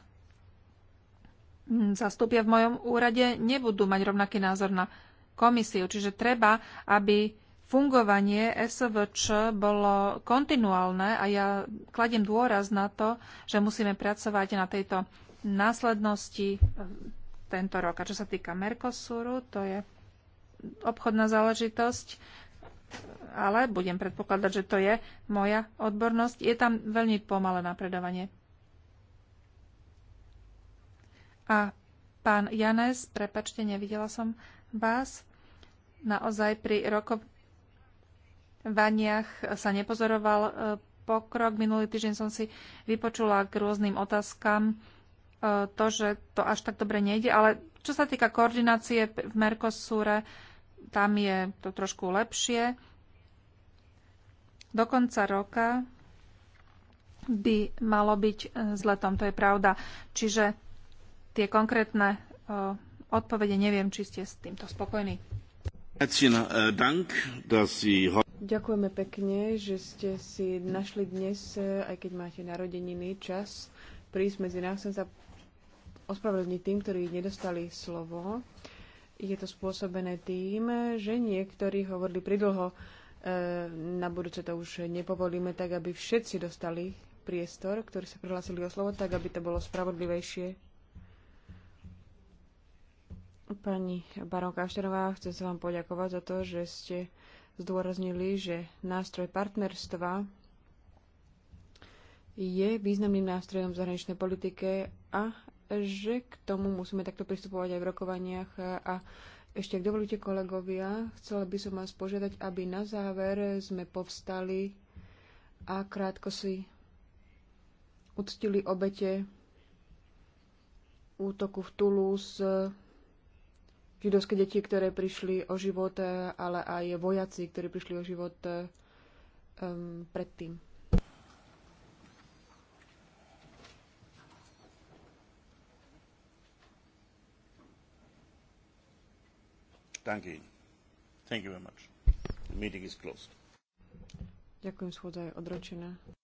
Hm, zastúpia v mojom úrade, nebudú mať rovnaký názor na komisiu. Čiže treba, aby fungovanie SVČ bolo kontinuálne a ja kladiem dôraz na to, že musíme pracovať na tejto následnosti hm, tento rok. A čo sa týka Mercosuru, to je obchodná záležitosť, ale budem predpokladať, že to je moja odbornosť. Je tam veľmi pomalé napredovanie. A pán Janes, prepačte, nevidela som vás. Naozaj pri rokovaniach sa nepozoroval e, pokrok. Minulý týždeň som si vypočula k rôznym otázkam e, to, že to až tak dobre nejde, ale čo sa týka koordinácie v Mercosure, tam je to trošku lepšie. Do konca roka by malo byť e, s letom, to je pravda. Čiže tie konkrétne eh, odpovede neviem, či ste s týmto spokojní. Eh, Ďakujeme pekne, že ste si našli dnes, eh, aj keď máte narodeniny, čas prísť medzi nás. Chcem sa ospravedlniť tým, ktorí nedostali slovo. Je to spôsobené tým, že niektorí hovorili pridlho. Na budúce to už nepovolíme tak, aby všetci dostali priestor, ktorí sa prihlásili o slovo, tak aby to bolo spravodlivejšie Pani baronka Ašterová, chcem sa vám poďakovať za to, že ste zdôraznili, že nástroj partnerstva je významným nástrojom v zahraničnej politike a že k tomu musíme takto pristupovať aj v rokovaniach. A ešte, ak dovolíte kolegovia, chcela by som vás požiadať, aby na záver sme povstali a krátko si uctili obete útoku v Toulouse židovské deti, ktoré prišli o život, e, ale aj vojaci, ktorí prišli o život um, predtým. Danke Ihnen. Thank you very much. The meeting is closed. Ďakujem, schôdza je odročená.